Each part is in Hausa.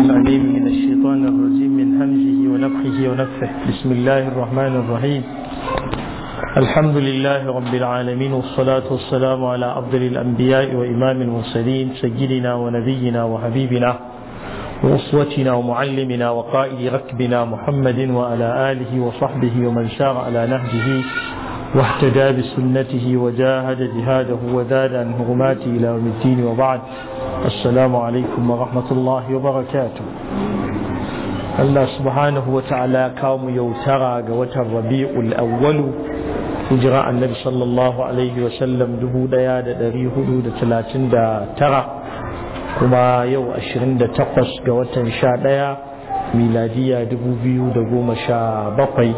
العليم من الشيطان الرجيم من همزه ونفخه ونفخه بسم الله الرحمن الرحيم الحمد لله رب العالمين والصلاة والسلام على أفضل الأنبياء وإمام المرسلين سيدنا ونبينا وحبيبنا وأسوتنا ومعلمنا وقائد ركبنا محمد وعلى آله وصحبه ومن سار على نهجه واهتدى بسنته وجاهد جهاده وزاد عن هرماته إلى يوم الدين وبعد السلام عليكم ورحمة الله وبركاته الله سبحانه وتعالى كام يوترى قوة الربيع الأول هجراء النبي صلى الله عليه وسلم دبو ديا دري حدود ثلاثين دا ترى كما يو أشرين دا تقص قوة شا ديا ميلادية دبو بيو دقوم شا بقي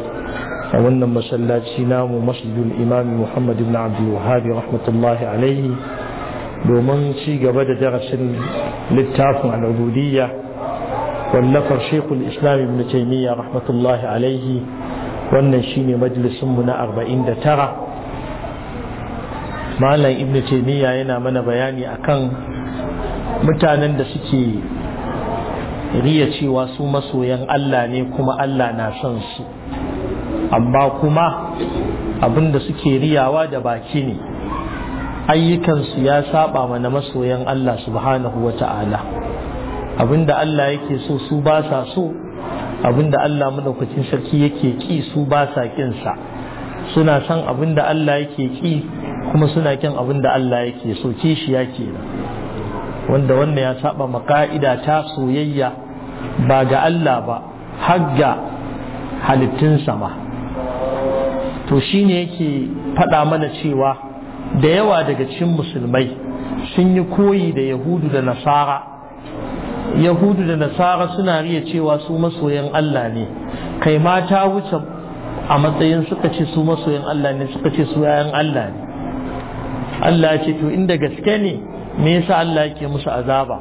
وأن مسلاتنا ومسجد الإمام محمد بن عبد الوهاب رحمة الله عليه domin ci gaba da darasin littafin al'ubudiyya wallafar shekul islam ibn taimiyya rahmatullahi alaihi wannan shine majalisunmu na 49 malam ibn taimiyya yana mana bayani akan mutanen da suke riya cewa su masoyan Allah ne kuma Allah na son su amma kuma abinda suke riyawa da baki ne ayyukansu ya saba mana masoyan Allah subhanahu wa ta'ala abinda Allah yake so su ba sa so abinda Allah madaukakin sarki yake ƙi su ba sa suna son abinda Allah yake ƙi kuma suna kin abinda Allah yake so kishiya kenan wanda wannan ya saba maka'ida ta soyayya ba ga Allah ba har ga halittun sama to shine yake faɗa mana cewa da yawa daga cikin musulmai sun yi koyi da yahudu da nasara yahudu da nasara suna riya cewa su masoyan Allah ne kai ma ta wuce a matsayin suka ce su masoyan Allah ne suka ce su yayan Allah ne Allah ce to inda gaske ne me yasa Allah yake musu azaba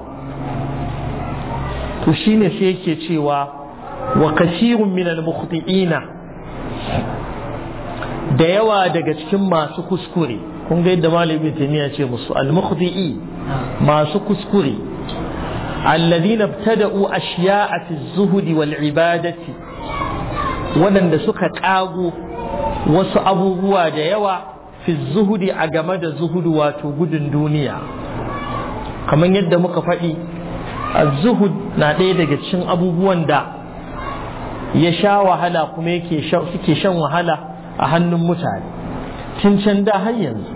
to shine sai yake cewa wa kasirun minal mukhti'ina da yawa daga cikin masu kuskure kun ga yadda malami miya ce musu al-mukhdi'i masu kuskure alladhina ibtada'u ashiya'a fi zuhudi wal ibadati waɗanda suka kago wasu abubuwa da yawa fi zuhudi a game da zuhudu wato gudun duniya kamar yadda muka faɗi zuhud na ɗaya daga cikin abubuwan da ya sha wahala kuma yake suke shan wahala a hannun mutane tun can da har yanzu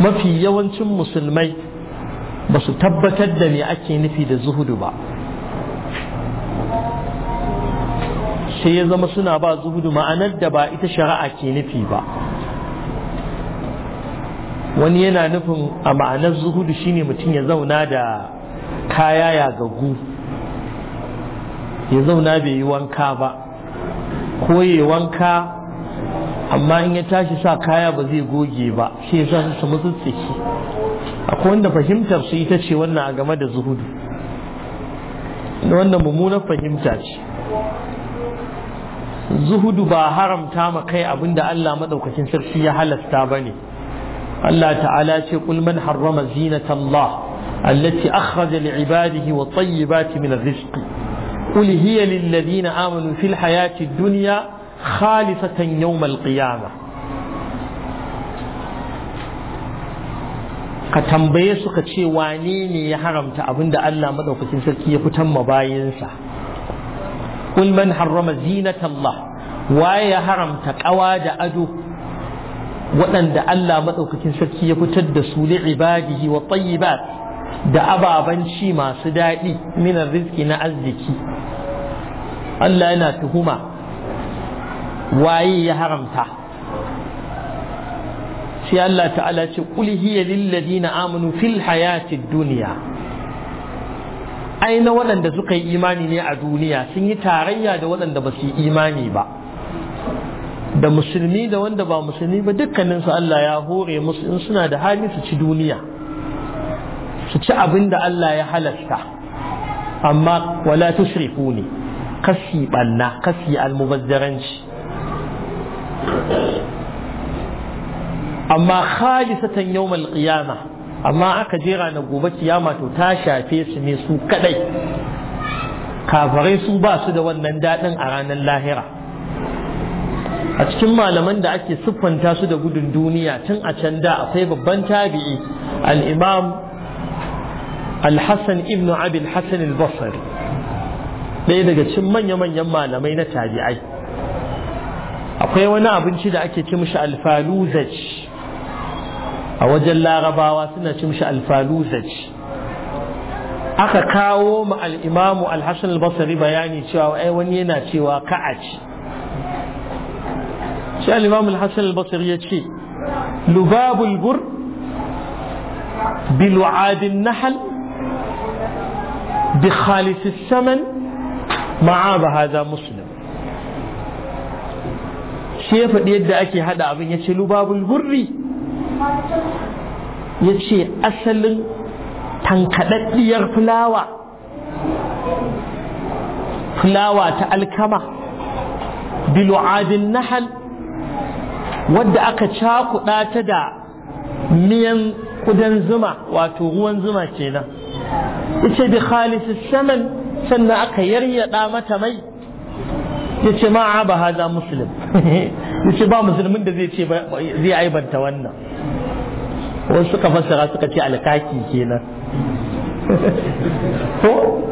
mafi yawancin musulmai ba su tabbatar da me ake nufi da zuhudu ba sai ya zama suna ba zuhudu ma'anar da ba ita shari'a ke nufi ba wani yana nufin a ma'anar zuhudu shine mutum ya zauna da kaya ya gagu ya zauna bai yi wanka ba ko ya wanka amma in ya tashi sa kaya ba zai goge ba shi ya su samu tsutsiki akwai wanda fahimtar su ita ce wannan a game da zuhudu da wannan mummunar fahimta ce zuhudu ba haramta ma kai abinda Allah madaukakin sarki ya halasta bane Allah ta'ala ce kul man harrama zinatallah allati akhraja li'ibadihi wa tayyibati min ar-rizqi qul hiya lil ladina amanu fil hayati ad-dunya khalisatan yawmal qiyama ka tambaye su ka ce wane ne ya haramta abinda Allah madaukakin sarki ya fitan mabayinsa kul man harrama zinatallah waye ya haramta kawa da ado waɗanda Allah maɗaukakin sarki ya fitar da su li ibadihi wa tayyibat da ababan ci masu daɗi minan rizki na arziki Allah yana tuhuma waye ya haramta sai Allah ta'ala ce qul hiya lil ladina amanu fil hayati dunya ai na waɗanda suka yi imani ne a duniya sun yi tarayya da waɗanda ba su yi imani ba da musulmi da wanda ba musulmi ba dukkaninsu Allah ya hore musu in suna da hali su ci duniya su ci abin da Allah ya halasta amma wala tushriku ne kasi banna kasi almubazzaranci amma khalisatan yawmal qiyama amma aka jera na gobe kiyama to ta shafe su ne su kadai kafarai su ba su da wannan dadin a ranar lahira a cikin malaman da ake siffanta su da gudun duniya tun a can da akwai babban tabi'i al-imam al-hassan ibn abi al-hassan al-basri ɗaya daga cikin manya-manyan malamai na tabi'ai akwai wani abinci da ake ci mishi alfaluzaj a wajen larabawa suna ci mishi alfaluzaj aka kawo ma al'imamu al albasari bayani cewa ai wani yana cewa ka'a ci shi al'imamu al albasari ya ce lubabul bur bilu'adin nahal bi khalis saman ma'a ba haza muslim sai ya faɗi yadda ake haɗa abin ya ce lubabul gurri ya ce asalin tankaɗaɗɗiyar fulawa fulawa ta alkama bilu'adin nahal wadda aka cakuɗa ta da miyan kudan zuma wato ruwan zuma kenan ita bi khalisis saman sannan aka yaryaɗa mata mai yace ma'a ba haza muslim yace ba musulmin da zai ce zai aibanta wannan wasu suka fassara suka ce alkaki kenan to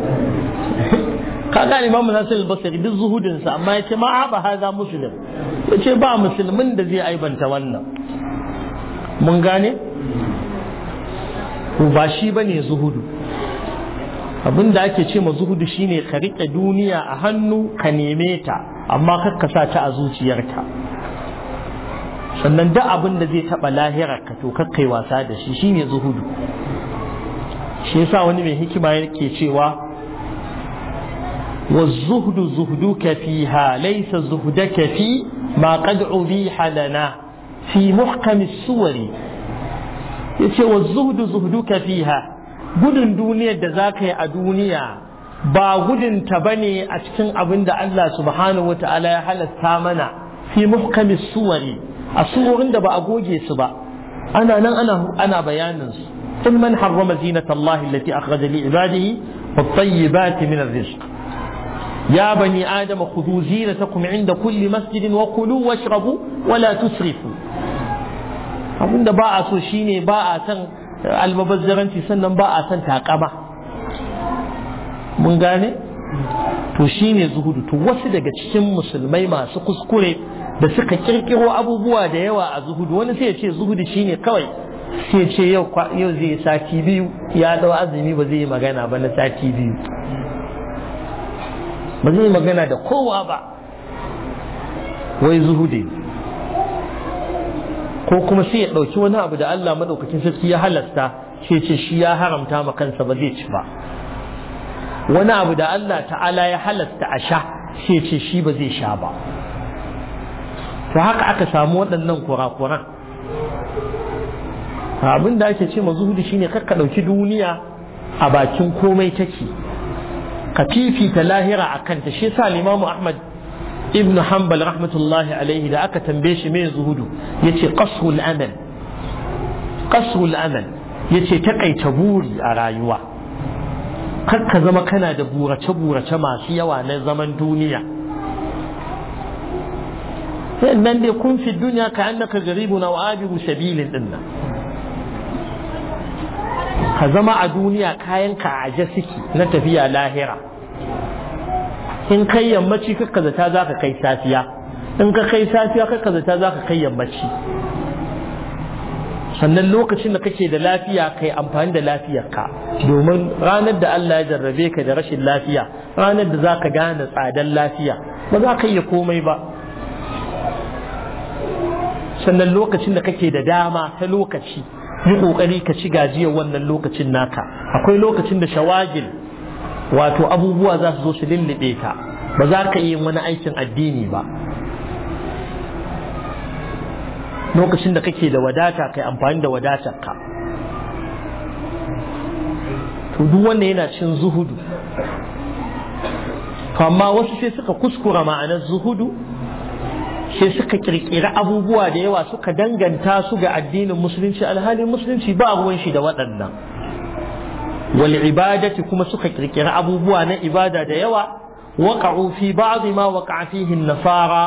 kaga imamu nasir al-basri duk zuhudin sa amma yace ma aba haza muslim yace ba musulmin da zai aibanta wannan mun gane ba shi bane zuhudu abin da ake ce ma zuhudu shine ka riƙe duniya a hannu ka neme ta amma kakka sa ta a zuciyarka sannan da abin da zai taɓa lahira ka to kakkai wasa da shi shine zuhudu shi yasa wani mai hikima yake cewa والزهد زهدك فيها ليس زهدك في ما قد أبيح لنا في محكم السور ce wa zuhdu fi ha. gudun duniyar da za ka yi a duniya ba gudun ta bane a cikin abin da Allah subhanahu wa ta'ala ya halatta mana fi muhkamis suwari a wurin da ba a goge su ba ana nan ana ana bayanin su kun man harrama zinat Allah allati akhraja li ibadihi wa tayyibat min ar-rizq ya bani adam khudhu zinatakum inda kulli masjid wa kulu washrabu wa la tusrifu abinda ba a so shine ba a san albabazzaranci sannan ba a san takama mun gane to shine zuhudu to wasu daga cikin musulmai masu kuskure da suka kirkiro abubuwa da yawa a zuhudu wani sai ya ce zuhudu shine kawai sai ya ce yau zai yi sati biyu ya dau azumi ba zai yi magana ba na sati biyu ba zai yi magana da kowa ba wai zuhudu ko kuma sai ya ɗauki wani abu da Allah madaukakin sarki ya halasta sai ce shi ya haramta ma kansa ba zai ci ba wani abu da Allah ta'ala ya halasta a sha sai ce shi ba zai sha ba ta haka aka samu waɗannan kurakuran abin da ake ce ma zuhudu shine kakka ɗauki duniya a bakin komai take ka fifita lahira a kanta shi yasa limamu ahmad ibn hanbal rahmatullahi alaihi da aka tambaye shi mai zuhudu yace qasrul amal qasrul amal yace taƙaita buri a rayuwa ka zama kana da burace-burace masu yawa na zaman duniya sannan dai kun fi duniya ka annaka garibu na wa'abiru sabilin din nan ka zama a duniya kayan ka a siki na tafiya lahira in kai yammaci kakka zata za ka kai safiya in ka kai safiya kakka zata za ka kai yammaci sannan lokacin da kake da lafiya kai amfani da lafiyarka domin ranar da Allah ya jarrabe ka da rashin lafiya ranar da za ka gane tsadar lafiya ba za ka iya komai ba sannan lokacin da kake da dama ta lokaci yi ƙoƙari ka ci gajiyar wannan lokacin naka akwai lokacin da shawagil wato abubuwa za su zo su lullube ka ba za ka yi wani aikin addini ba lokacin da kake da wadata kai amfani da wadatar ka to duk wanda yana cin zuhudu to amma wasu sai suka kuskura ma'anar zuhudu sai suka kirkiri abubuwa da yawa suka danganta su ga addinin musulunci alhalin musulunci ba ruwan shi da waɗannan wal ibadati kuma suka kirkiri abubuwa na ibada da yawa waqa'u fi ba'd ma waqa'a fihi nasara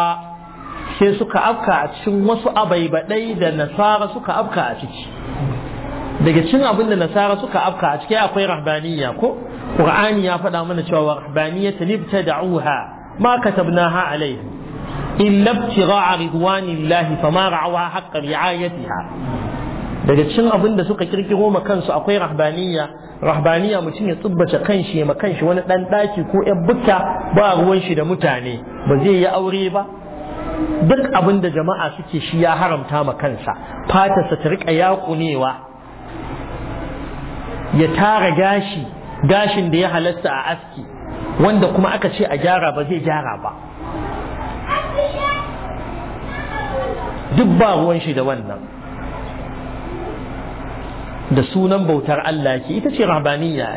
sai suka afka a cikin wasu abaibadai da nasara suka afka a ciki daga cikin abin da nasara suka afka a ciki akwai rahbaniya ko qur'ani ya faɗa mana cewa rahbaniyatan ibtada'uha ma katabnaha alaihi illa ibtigha'a ridwanillahi fama ra'awa haqqa ri'ayatiha daga cikin abin da suka kirkiro ma kansu akwai rahbaniya rahbaniya mutum ya tsubbace kanshi ma kanshi wani dan daki ko yan bukka ba ruwan shi da mutane ba zai yi aure ba duk abin da jama'a suke shi ya haramta ma kansa fatarsa ta rika yakunewa ya tara gashi gashin da ya halasta a aski wanda kuma aka ce a gyara ba zai gyara ba duk ba ruwan shi da wannan da sunan bautar Allah ke ita ce rabaniya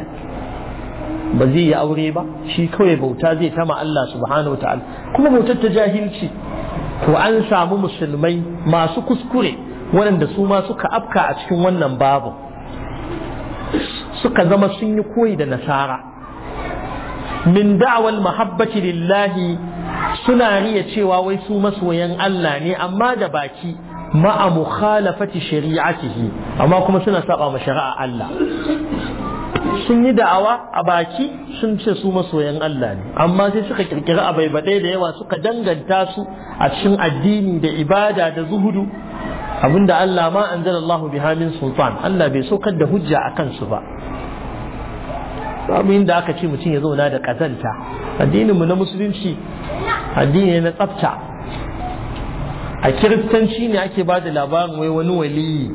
ba zai yi aure ba shi kawai bauta zai tama Allah subhanahu wa ta'ala kuma bautar ta jahilci to an samu musulmai masu kuskure waɗanda su ma suka afka a cikin wannan babu suka zama sun yi koyi da nasara min da'awal mahabbati lillahi suna riya cewa wai su masoyan Allah ne amma da baki ma'a mukhalafati shari'atihi amma kuma suna saba ma shari'a Allah sun yi da'awa a baki sun ce su masoyan Allah ne amma sai suka kirkiri a baibade da yawa suka danganta su a cikin addini da ibada da zuhudu abinda Allah ma anzalallahu biha min sultan Allah bai saukar da hujja akan su ba babu inda aka ce mutum ya zauna da kazanta addininmu na musulunci addini na tsafta a kiristanci ne ake ba da labarin wai wani waliyi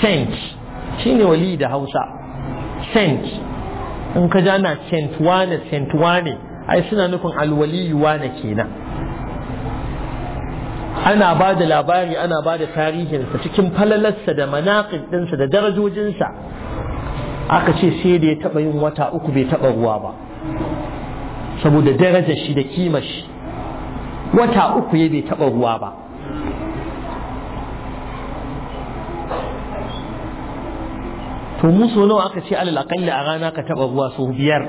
saint shi ne da hausa saint in ka ja na saint wane saint wane ai suna nufin alwaliyu wane kenan ana ba da labari ana ba da tarihinsa cikin falalarsa da manaƙin ɗinsa da darajojinsa aka ce sai da ya taɓa yin wata uku bai taɓa ruwa ba saboda darajar shi da kima shi wata uku ya bai taɓa ruwa ba to musu nawa aka ce alal aqalli a rana ka taɓa ruwa sau biyar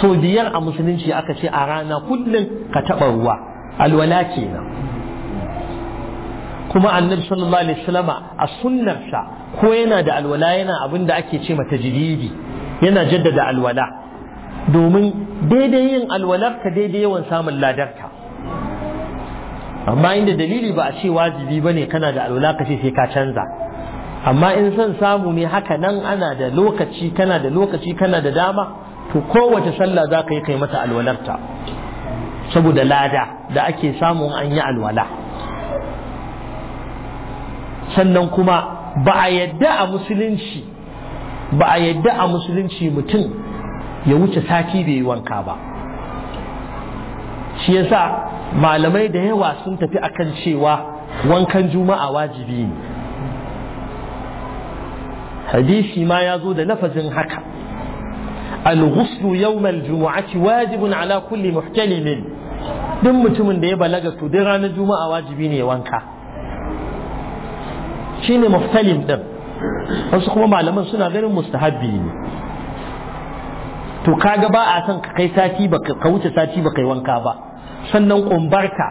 sau biyar a musulunci aka ce a rana kullum ka taɓa ruwa alwala kenan kuma annabi sallallahu alaihi wasallama a sunnarsa ko yana da alwala yana abin da ake ce mata jididi yana jaddada alwala domin daidai yin alwalarka daidai yawan samun ladarka amma inda dalili ba a ce wajibi ba ne kana da alwala ka ce sai ka canza amma in son samu ne haka nan ana da lokaci kana da lokaci kana da dama to kowace sallah za ka yi kai mata alwalarta saboda lada da ake samun an yi alwala sannan kuma ba a yadda a musulunci ba a yadda a musulunci mutum ya wuce sati bai yi wanka ba shi yasa malamai da yawa sun tafi a kan cewa wankan juma'a wajibi ne hadisi ma ya zo da lafazin haka al-ghuslu yawmal jumu'ati wajibun ala kulli muhtalimin duk mutumin da ya balaga to duk ranar juma'a wajibi ne wanka shine muftalim din wasu kuma malaman suna ganin mustahabbi ne to kaga ba a son ka kai sati ba ka wuce sati ba kai wanka ba sannan kumbarka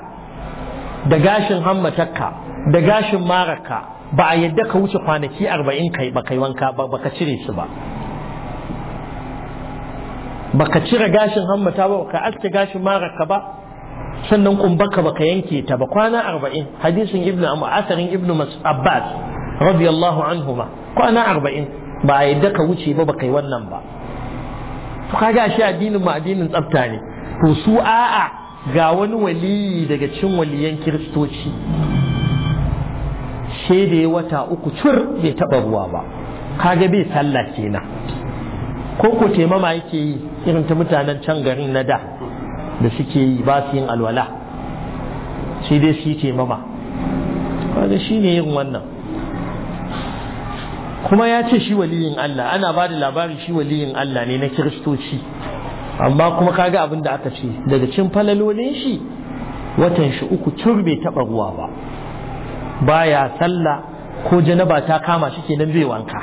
da gashin hammatarka da gashin maraka ba a yadda ka wuce kwanaki arba'in kai ba kai wanka ba ba ka cire su ba ba ka cire gashin hammata ba ka aske gashin maraka ba sannan kumbaka baka yanke ta ba kwana arba'in hadisin ibn asarin ibn abbas radiyallahu anhuma kwana arba'in ba a yadda ka wuce ba baka yi wannan ba to kaga shi addinin ma addinin tsafta ne to su a'a ga wani waliyi daga cin waliyan kiristoci sai da ya wata uku cur bai taba ruwa ba kaga bai sallah kenan ko ko taimama yake yi irin ta mutanen can garin na da da suke yi ba su yin alwala sai dai su yi taimama kaga shi ne yin wannan kuma ya ce shi waliyin Allah ana ba da labari shi waliyin Allah ne na kiristoci amma kuma kaga abin da aka ce daga cin falalolin shi watan shi uku tur bai taɓa ruwa ba baya sallah ko janaba ta kama shi kenan bai wanka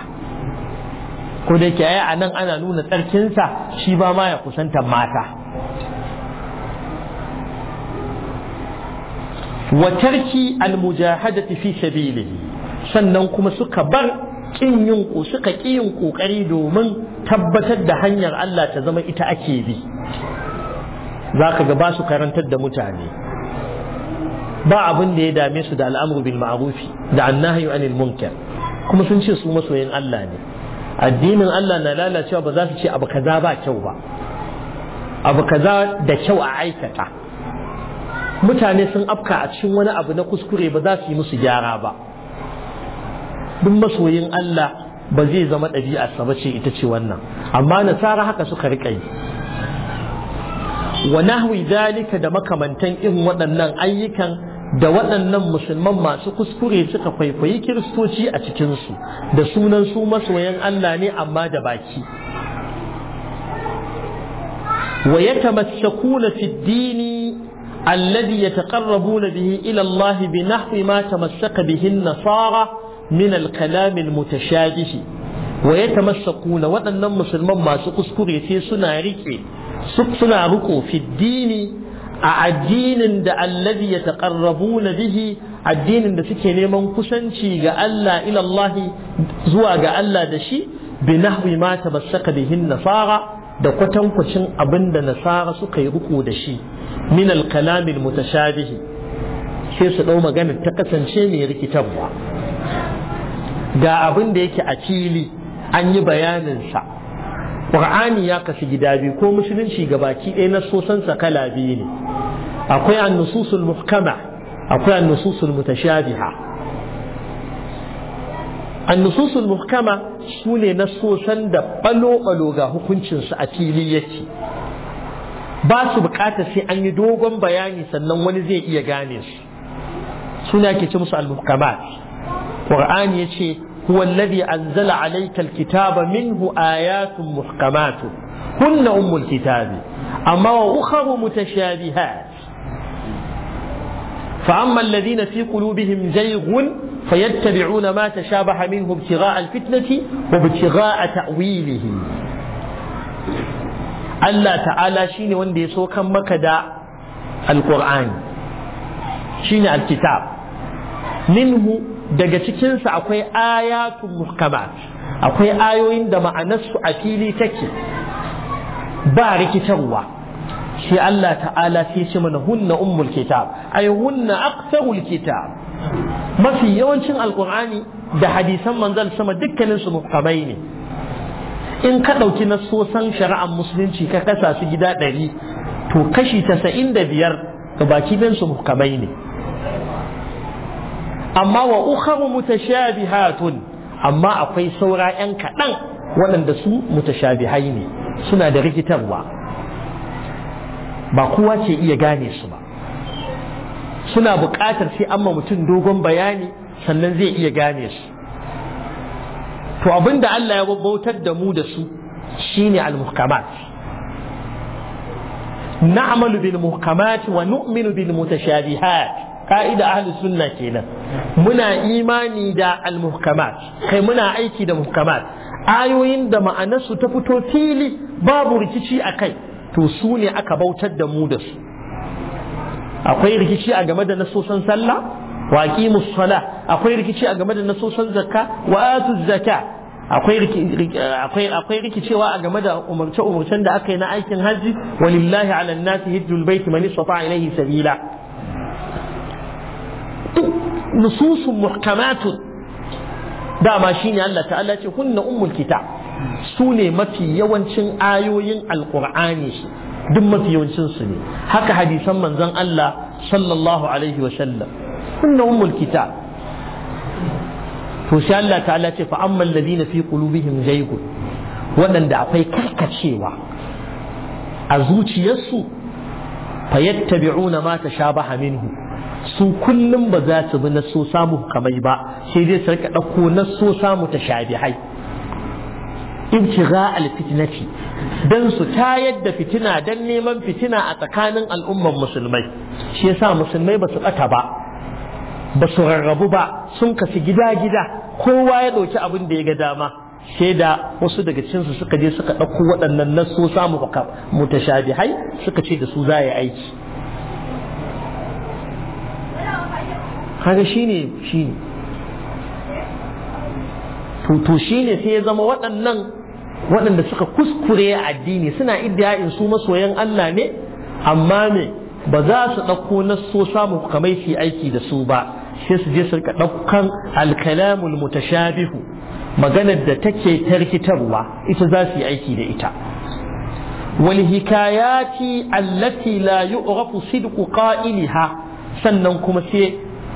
ko da yake a anan ana nuna tsarkinsa shi ba ma ya kusanta mata wa tarki almujahadati fi sannan kuma suka bar kin yin suka ki yin kokari domin tabbatar da hanyar Allah ta zama ita ake bi zaka ga ba su karantar da mutane ba abin da ya dame su da al'amru bil ma'rufi da annahyu anil munkar kuma sun ce su masoyin Allah ne addinin Allah na lalacewa ba za su ce abu kaza ba kyau ba abu kaza da kyau a aikata mutane sun afka a cikin wani abu na kuskure ba za su yi musu gyara ba duk masoyin Allah ba zai zama ɗabi'arsa sa ce ita ce wannan amma nasara haka suka riƙa yi wa nahwi dalika da makamantan irin waɗannan ayyukan da waɗannan musulman masu kuskure suka kwaikwayi kiristoci a cikinsu da sunan su masoyan Allah ne amma da baki wa ya tamassakuna fi dini الذي يتقربون به إلى الله بنحو ما تمسك به النصارى من الكلام المتشابه ويتمسكون وأن المسلمين ما سقسكر يتيسنا ركي سقسنا ركو في الدين أعدين دا الذي يتقربون به addinin da suke neman kusanci ga Allah ilallahi zuwa ga Allah da shi bi nahwi ma bihin nasara da kwatankwacin abin da nasara suka yi riko da shi min al-kalam al-mutashabih sai su ɗau magana ta kasance mai rikitarwa ga abin da yake a cili an yi bayanin sa qur'ani ya kashe gida biyu ko musulunci gabaki ɗaya na sosansa kala biyu ne akwai an-nususul muhkama akwai an mutashabiha annususul muhkama su na sosan da balo-balo ga hukuncinsu a fili yake ba su bukatar sai an yi dogon bayani sannan wani zai iya gane su suna ke ce musu al-muhkamat qur'ani ce huwa alladhi anzala alayka al-kitaba minhu ayatun muhkamatun kunna ummul kitabi amma wa ukharu mutashabihat fa amma فأما الذين في قلوبهم زيغ فيتبعون ما تشابه منه ابتغاء wa ibtigha'a تأويله Allah ta'ala shine wanda ya kan maka da alqur'ani shine alkitab minhu daga cikinsa akwai ayatun muhkamat akwai ayoyin da ma'anarsu a fili take ba rikitarwa shi Allah ta'ala sai shi mana hunna ummul kitab ay hunna aktharul kitab mafi yawancin alqur'ani da hadisan manzal sama dukkanin su muhkamai ne in ka ɗauki nasosan shari'ar musulunci ka kasa su gida ɗari to kashi tasa'in da biyar ga baki ɗin su muhkamai ne amma wa ukharu mutashabihatun amma akwai saura yan kaɗan waɗanda su mutashabihai ne suna da rikitarwa ba kowa ce iya gane su ba suna buƙatar sai amma mutum dogon bayani sannan zai iya gane su to abinda Allah ya bautar da mu da su shine al-muhkamat na'malu bil muhkamat wa nu'minu bil mutashabihat ka'ida ahli sunna kenan muna imani da al-muhkamat kai muna aiki da muhkamat ayoyin da ma'anarsu ta fito fili babu rikici a kai to su ne aka bautar da mu da su akwai rikici a game da nasosan sallah wa aqimus sala akwai rikici a game da nasosan zakka wa atuz zakka akwai akwai rikicewa a game da umarce da aka yi na aikin haji walillahi ala nasi hijjul bait man istata ilayhi sabila nususun muhkamatun dama shine Allah ta'ala ce kunna ummul kitab su ne mafi yawancin ayoyin alqur'ani duk mafi yawancin su ne haka hadisan manzon Allah sallallahu alaihi wa sallam kunna ummul kitab to sai Allah ta'ala ce fa ammal ladina fi qulubihim zaygun waɗanda akwai karkacewa a zuciyarsu fa yattabi'una ma tashabaha minhu su kullum ba za su bi na so samu kamai ba sai dai su rika ɗauko na so samu tashabihai ibtigha alfitnati dan su tayar da fitina dan neman fitina a tsakanin al'ummar musulmai shi yasa musulmai ba su ɓata ba ba su rarrabu ba sun kasu gida-gida kowa ya ɗauki abin da ya ga dama sai da wasu daga cinsu suka je suka ɗauko waɗannan so samu hai suka ce da su za yi aiki haka shi ne to ne sai ya zama waɗannan waɗanda suka kuskure a addini suna in su masoyan Allah ne amma ne ba za su ɗauko na so samu kamai su aiki da su ba sai su je su rika ɗaukan alkalamul mutashabihu maganar da take tarkitarwa ita za su yi aiki da ita wal hikayati allati la yu'rafu sidqu qa'iliha sannan kuma sai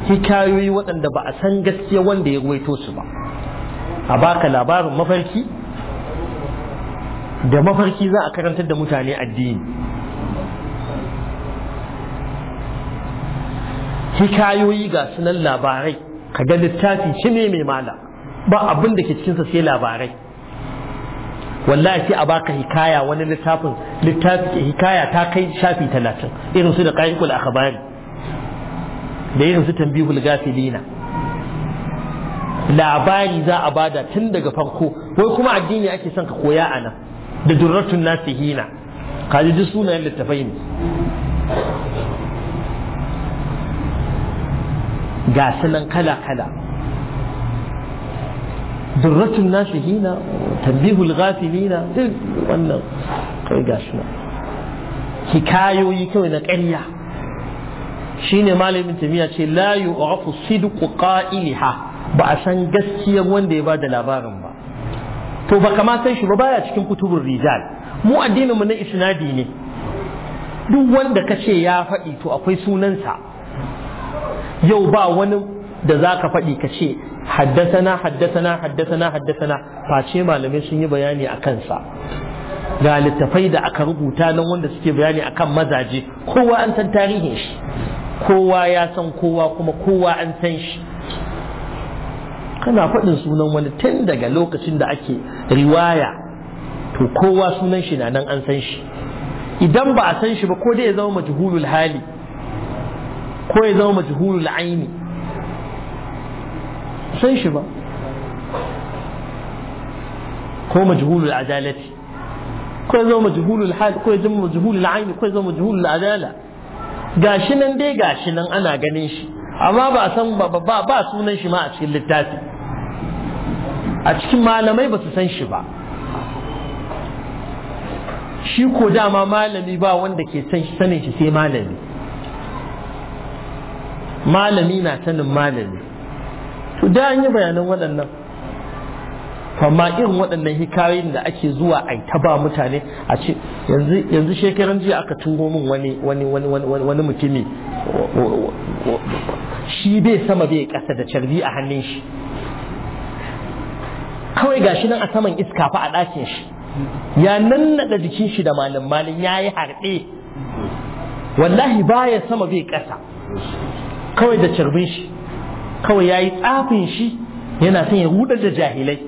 hikayoyi waɗanda ba a san gaskiya wanda ya ruwaito su ba a baka labarin mafarki da mafarki za a karantar da mutane addini hikayoyi ga sunan labarai ka ga littafi shi ne mai mala ba abin da ke cikinsa sai labarai wallahi sai a baka hikaya wani littafin littafi hikaya ta kai shafi talatin irin su da ƙa'iƙul akhbari da irin su tambihul gafilina labari za a bada tun daga farko wai kuma addini ake son ka koya a nan da durratun nasihina kaji duk sunayen littafai ne ga sunan kala-kala durratun nashi hina tambihul na duk wannan kai ga kawai na ƙarya shine malamin jami'a ce la yu'rafu sidqu qa'iliha ba a san gaskiyar wanda ya ba da labarin ba to ba kama shi ba baya cikin kutubun rijal mu addinin mu na isnadi ne duk wanda kace ya faɗi to akwai sunansa yau ba wani da za ka faɗi ka ce haddasana haddasana haddasana haddasana face malamai sun yi bayani a kansa ga littafai da aka rubuta nan wanda suke bayani akan mazaje kowa an san tarihin shi kowa ya san kowa kuma kowa an san shi kana faɗin sunan wani tun daga lokacin da ake riwaya to kowa sunan shi na nan an san shi idan ba a san shi ba ko dai ya zama majhulul hali ko ya zama majhulul aini san shi ba ko majhulul adalati ko ya zama majhulul hal ko ya zama majhulul aini ko ya zama majhulul adala gashi nan dai gashi nan ana ganin shi amma ba a san ba ba sunan shi ma a cikin littafi a cikin malamai ba su san shi ba shi ko dama malami ba wanda ke sanin shi sai malami malami na sanin malami to da an yi bayanan waɗannan amma irin waɗannan hikayoyin da ake zuwa a ta ba mutane a ce yanzu shekaran jiya aka turo min wani wani wani mutumi shi bai sama bai ƙasa da carbi a hannun shi kawai gashi nan a saman iska fa a ɗakin shi ya nannaɗa jikin shi da malin malin ya yi harɗe wallahi baya sama bai ƙasa kawai da cirbin shi kawai ya yi tsafin shi yana son ya ruɗar da jahilai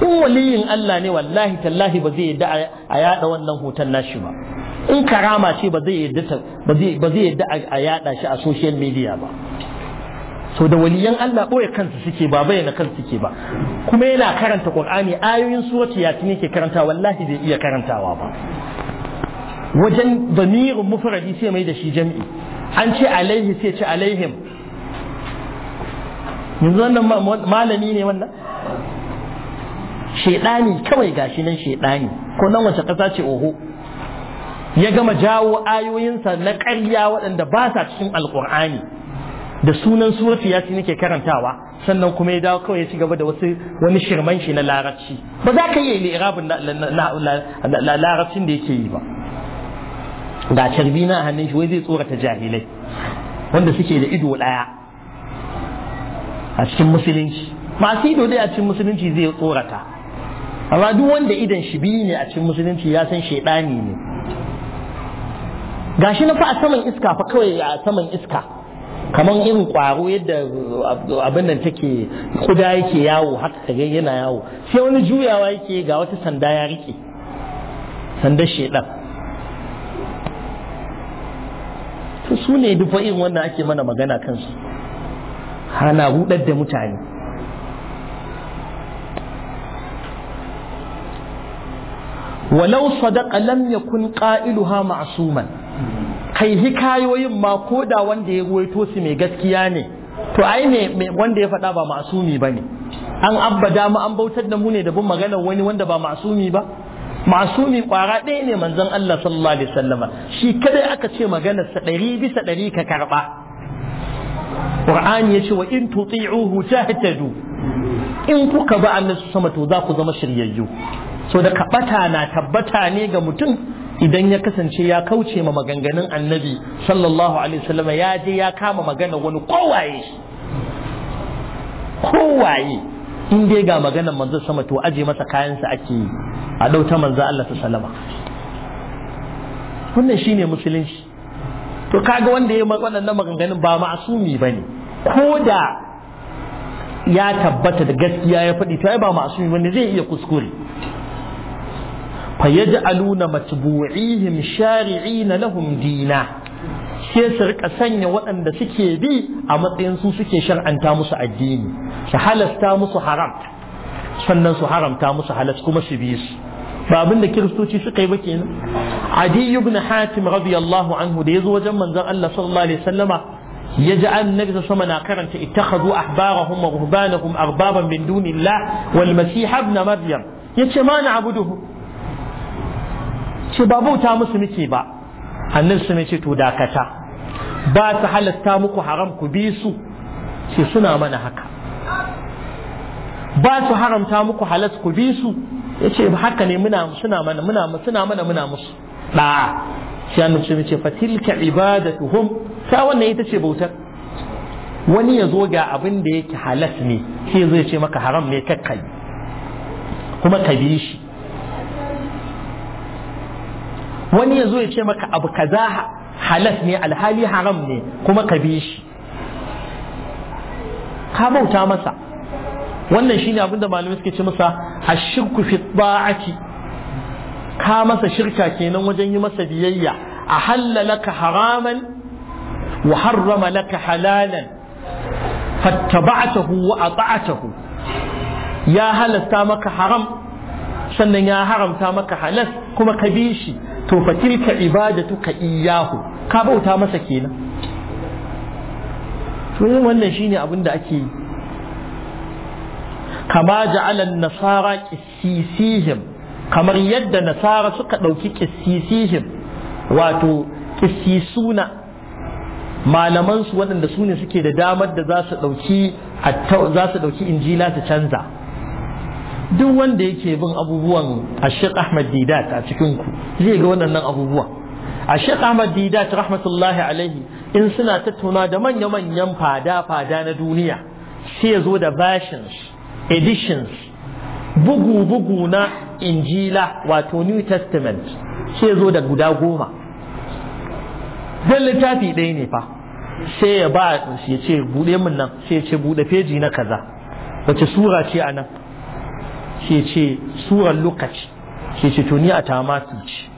in waliyin Allah ne wallahi tallahi ba zai yadda a yada wannan hoton nashi ba in karama ce ba zai yadda a yada shi a social media ba so da waliyan Allah ɓoye kansu suke ba bayyana kansu suke ba kuma yana karanta Qur'ani ayoyin surati ya ne ke karanta wallahi zai iya karantawa ba wajen damirin mufaradi sai mai da shi jami'i an ce alaihi sai ce alaihim yanzu wannan malami ne wannan shaidani kawai gashi nan shaidani ko nan wace ƙasa ce oho ya gama jawo ayoyinsa na ƙarya waɗanda ba sa cikin alƙur'ani da sunan suratu yasi nake karantawa sannan kuma ya dawo kawai ya ci gaba da wasu wani shirman shi na larabci ba za ka yi irabin larabcin da yake yi ba ga carbi na hannun shi wai zai tsorata jahilai wanda suke da ido daya a cikin musulunci masu ido dai a cikin musulunci zai tsorata amma duk wanda idan shi biyu ne a cikin musulunci ya san shaidani ne Ga shi na fa a saman iska fa kawai a saman iska kamar irin kwaro yadda abin nan take kuda yake yawo haka kage yana yawo sai wani juyawa yake ga wata sanda ya rike sandar shaidan su ne dufa irin wannan ake mana magana kansu hana rudar da mutane walau sadaka lam yakun qailuha ma'suman kai hikayoyin ma ko da wanda ya ruwaito su mai gaskiya ne to ai ne wanda ya faɗa ba ma'sumi bane an abada mu an bautar da mu ne da bin maganar wani wanda ba ma'sumi ba masumi kwara ɗaya ne manzon Allah sallallahu alaihi wasallama shi kadai aka ce maganar sa ɗari bisa ɗari ka karɓa Qur'ani ya ce wa in tuti'uhu tahtadu in kuka ba annabi sama to za ku zama shiryayyu so da kabata na tabbata ne ga mutum idan ya kasance ya kauce ma maganganun annabi sallallahu alaihi wasallama ya je ya kama magana wani kowaye kowaye in dai ga maganar manzon sama to aje masa kayansa ake yi a dauta manzon Allah ta salama wannan shine musulunci to kaga wanda ya waɗannan maganganun ba ma'asumi bane ko da ya tabbata da gaskiya ya faɗi to ai ba ma'asumi wanda zai iya kuskure Fa yaj'aluna matbu'ihim shari'ina lahum dina sai su rika sanya waɗanda suke bi a matsayin su suke shar'anta musu addini su halasta musu haram sannan su haramta musu halas kuma su bi su ba abin da kiristoci suka yi ba kenan adi ibn hatim radiyallahu anhu da yazo wajen manzon Allah sallallahu alaihi wasallama ya ji annabi sama na karanta ittakhadhu ahbarahum wa ruhbanahum arbaban min dunillah wal masih ibn maryam yace ma na abuduhu ce Babu bauta musu muke ba annabi sun ce to dakata ba su halatta muku haram ku bi su ce suna mana haka ba su haramta muku halas ku bi su ya ce haka ne muna suna mana muna suna mana muna musu da sai an ce mace fatilka ibadatuhum ta wannan ita ce bautar wani ya zo ga abin da yake halas ne sai zai ce maka haram ne kakkai kuma ka bi shi wani ya zo ya ce maka abu kaza halas ne alhali haram ne kuma ka bi shi ka bauta masa wannan shine abin da malamai suke ce masa ashirku fi ta'ati ka masa shirka kenan wajen yi masa biyayya a halalaka haraman wa harrama laka halalan fattaba'tahu wa ata'tahu ya halasta maka haram sannan ya haramta maka halas kuma ka bi shi to fa tilka ka iyahu ka bauta masa kenan to wannan shine abin da ake yi kama ja'alan nasara qissisihim kamar yadda nasara suka ɗauki qissisihim wato qissisuna malaman su waɗanda su ne suke da damar da za su ɗauki za su injila ta canza duk wanda yake bin abubuwan Ashiq Ahmad Didat a cikin ku zai ga waɗannan abubuwan Ashiq Ahmad Didat rahmatullahi alaihi in suna tattauna da manya-manyan fada-fada na duniya sai ya zo da versions editions bugu-bugu na injila wato New Testament sai ya zo da guda goma don littafi ɗaya ne fa sai ya ba ya ce buɗe min nan sai ya ce buɗe feji na kaza wace sura ce a nan ke ce surar lokaci ke ce to ni a tama ci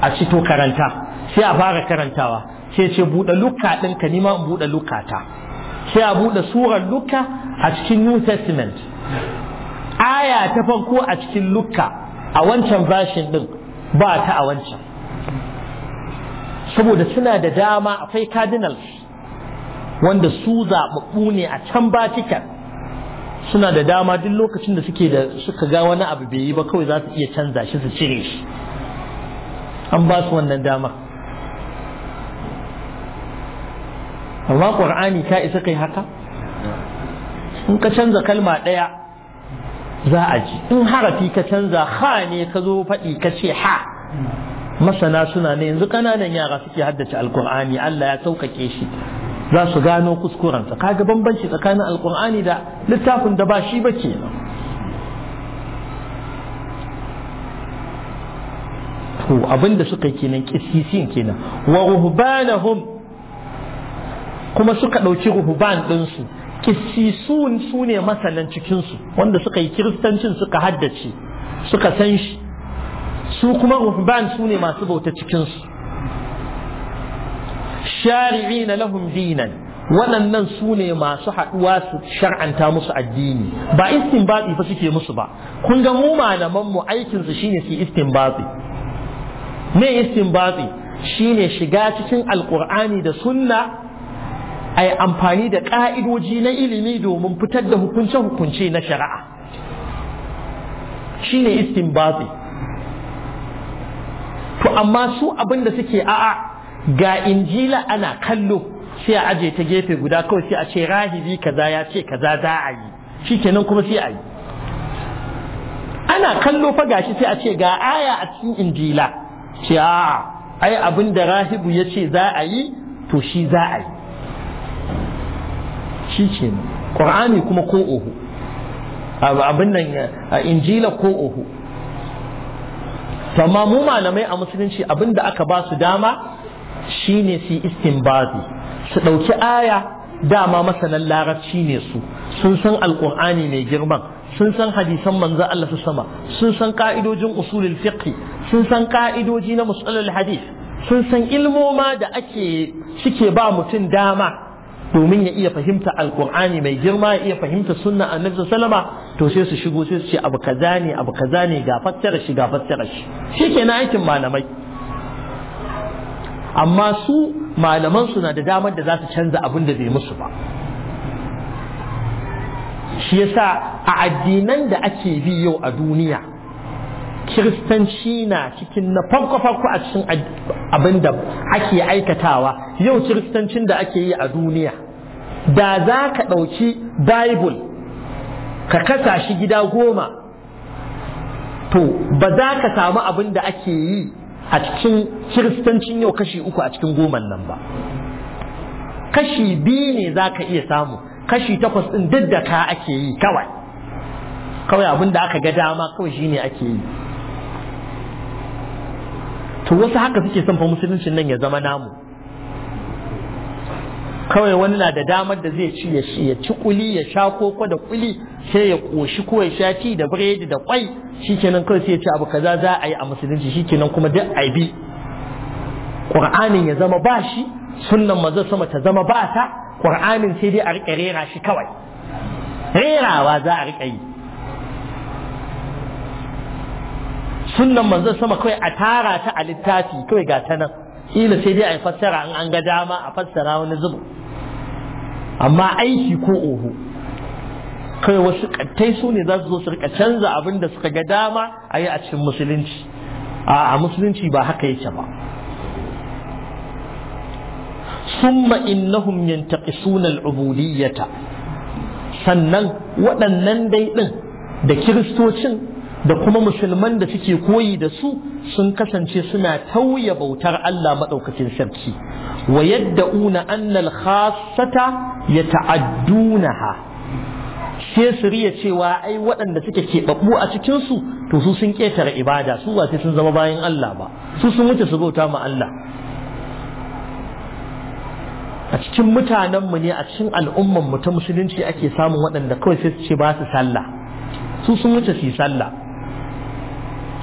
a ci karanta sai a fara karantawa sai ce buɗe luka ɗinka ni ma in buɗe sai a buɗe surar luka a cikin new testament aya ta farko a cikin luka a wancan bashin ɗin ba ta a wancan saboda suna da dama akwai cardinals wanda su zaɓaɓɓu ne a can batikan suna da dama duk lokacin da suke da suka ga wani abu bai yi ba kawai za su iya canza shi su cire shi an ba su wannan dama amma ƙur'ani ta isa kai haka in ka canza kalma ɗaya za a ji in harafi ka canza ha ne ka zo faɗi ka ce ha masana suna ne yanzu ƙananan yara suke haddace alƙur'ani Allah ya sauƙaƙe shi za su gano kuskurensa kaga bambanci tsakanin alkur'ani da littafin da ba shi ba kenan to abinda suka yi kenan kisisin kenan wa ruhbanahum kuma suka ɗauki ruhban ɗinsu kisisun su ne masanan cikinsu wanda suka yi kiristancin suka haddace suka san shi su kuma ruhban su ne masu bauta cikinsu shari'ina lahum dinan waɗannan su ne masu haɗuwa su shar'anta musu addini ba istinbati fa suke musu ba kun ga mu malaman mu aikin su shine su istinbati me istinbati shine shiga cikin alqur'ani da sunna ai amfani da ka'idoji na ilimi domin fitar da hukunce-hukunce na shari'a shine istinbati to amma su abinda suke a'a ga injila ana kallo sai a aje ta gefe guda kawai sai a ce rahibi kaza ya ce kaza za a yi kenan kuma sai a yi ana kallo fa gashi sai a ce ga aya a cikin injila ce a ai abin da rahibu ya ce za a yi to shi za a yi shi ce ƙur'ani kuma ko ohu abin nan a injila ko ohu amma mu malamai a musulunci abin da aka ba su dama Shi shine su istinbati su ɗauki aya dama masanan larabci ne su sun san alƙur'ani mai girman sun san hadisan manzo Allah su sama sun san ka'idojin usulul fiqh sun san ka'idoji na musalul hadis sun san ilmoma da ake cike ba mutum dama domin ya iya fahimta Alƙur'ani mai girma ya iya fahimta sunna annabi sallama to sai su shigo sai su ce abu kaza ne abu kaza ne ga fassara shi ga fassara shi na aikin malamai amma su malaman su na da damar da za su canza abin da bai musu ba shi yasa a addinan da ake bi yau a duniya kiristanci na cikin na farko-farko a cikin abin da ake aikatawa yau kiristancin da ake yi a duniya da za ka ɗauki bible ka kasa shi gida goma to ba za ka samu abin da ake yi a cikin kiristancin yau kashi uku a cikin goman nan ba kashi biyu ne za ka iya samu kashi takwas ɗin duk da ka ake yi kawai kawai abin da aka ga dama kawai shine ake yi to wasu haka suke son fa musuluncin nan ya zama namu kawai wani na da damar da zai ci ya ci kuli ya sha koko da kuli sai ya koshi ko ya sha ci da biredi da kwai shikenan kawai sai ya ci abu kaza za a yi a musulunci shikenan kuma duk a bi ƙur'anin ya zama ba shi sunan manzo sama ta zama ba ta qur'anin sai dai a rike rera shi kawai rerawa za a rike yi Sunan manzo sama kawai a tara ta a littafi kawai ga ta nan ila sai dai a yi fassara an an ga dama a fassara wani zubu amma aiki ko oho kai wasu kattai su ne za su zo su rika canza abin da suka ga dama a yi a cikin musulunci a musulunci ba haka yake ba summa innahum yantaqisuna al-ubudiyyata sannan waɗannan dai ɗin da kiristocin da kuma musulman da suke koyi da su sun kasance suna tauye bautar Allah maɗaukacin sarki wa yadda una annal khassata ya ta'addunaha sai su riya cewa ai waɗanda suke keɓaɓɓu a cikinsu to su sun ƙetare ibada su ba sai sun zama bayan Allah ba su sun wuce su bauta ma Allah a cikin mutanenmu ne a cikin al'ummanmu ta musulunci ake samun waɗanda kawai sai su ce ba su sallah su sun wuce su yi sallah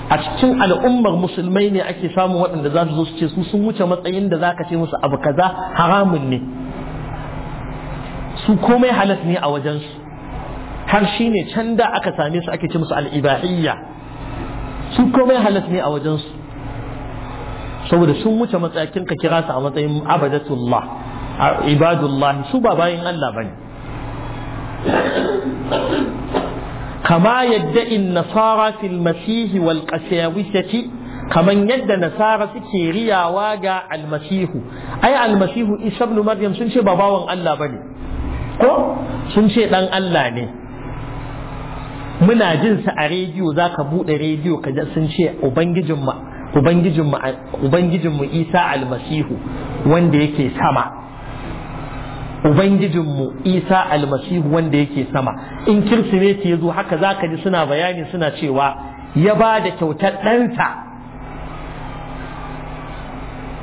a cikin al'ummar musulmai ne ake samun waɗanda za su zo su ce su sun wuce matsayin da za ka ce musu abu kaza haramun ne su komai halas ne a wajensu har shi ne can da aka same su ake ce musu al'ibahiyya su komai halas ne a wajensu saboda sun wuce matsakin ka kira su a matsayin abadatullah ibadullah su ba bayan Allah bane kama yadda in nasara fil masihi wal qasiyawiyati kaman yadda nasara suke riyawa ga almasihu ai almasihu isa ibn maryam sun ce ba bawan Allah bane ko sun ce dan Allah ne muna jin sa a rediyo zaka bude rediyo ka sun ce ubangijin mu ubangijin Isa almasihu wanda yake sama Ubangijinmu Isa almasihu wanda yake sama in kirsimeti zo haka za ka ji suna bayani suna cewa ya ba da kyautar ɗansa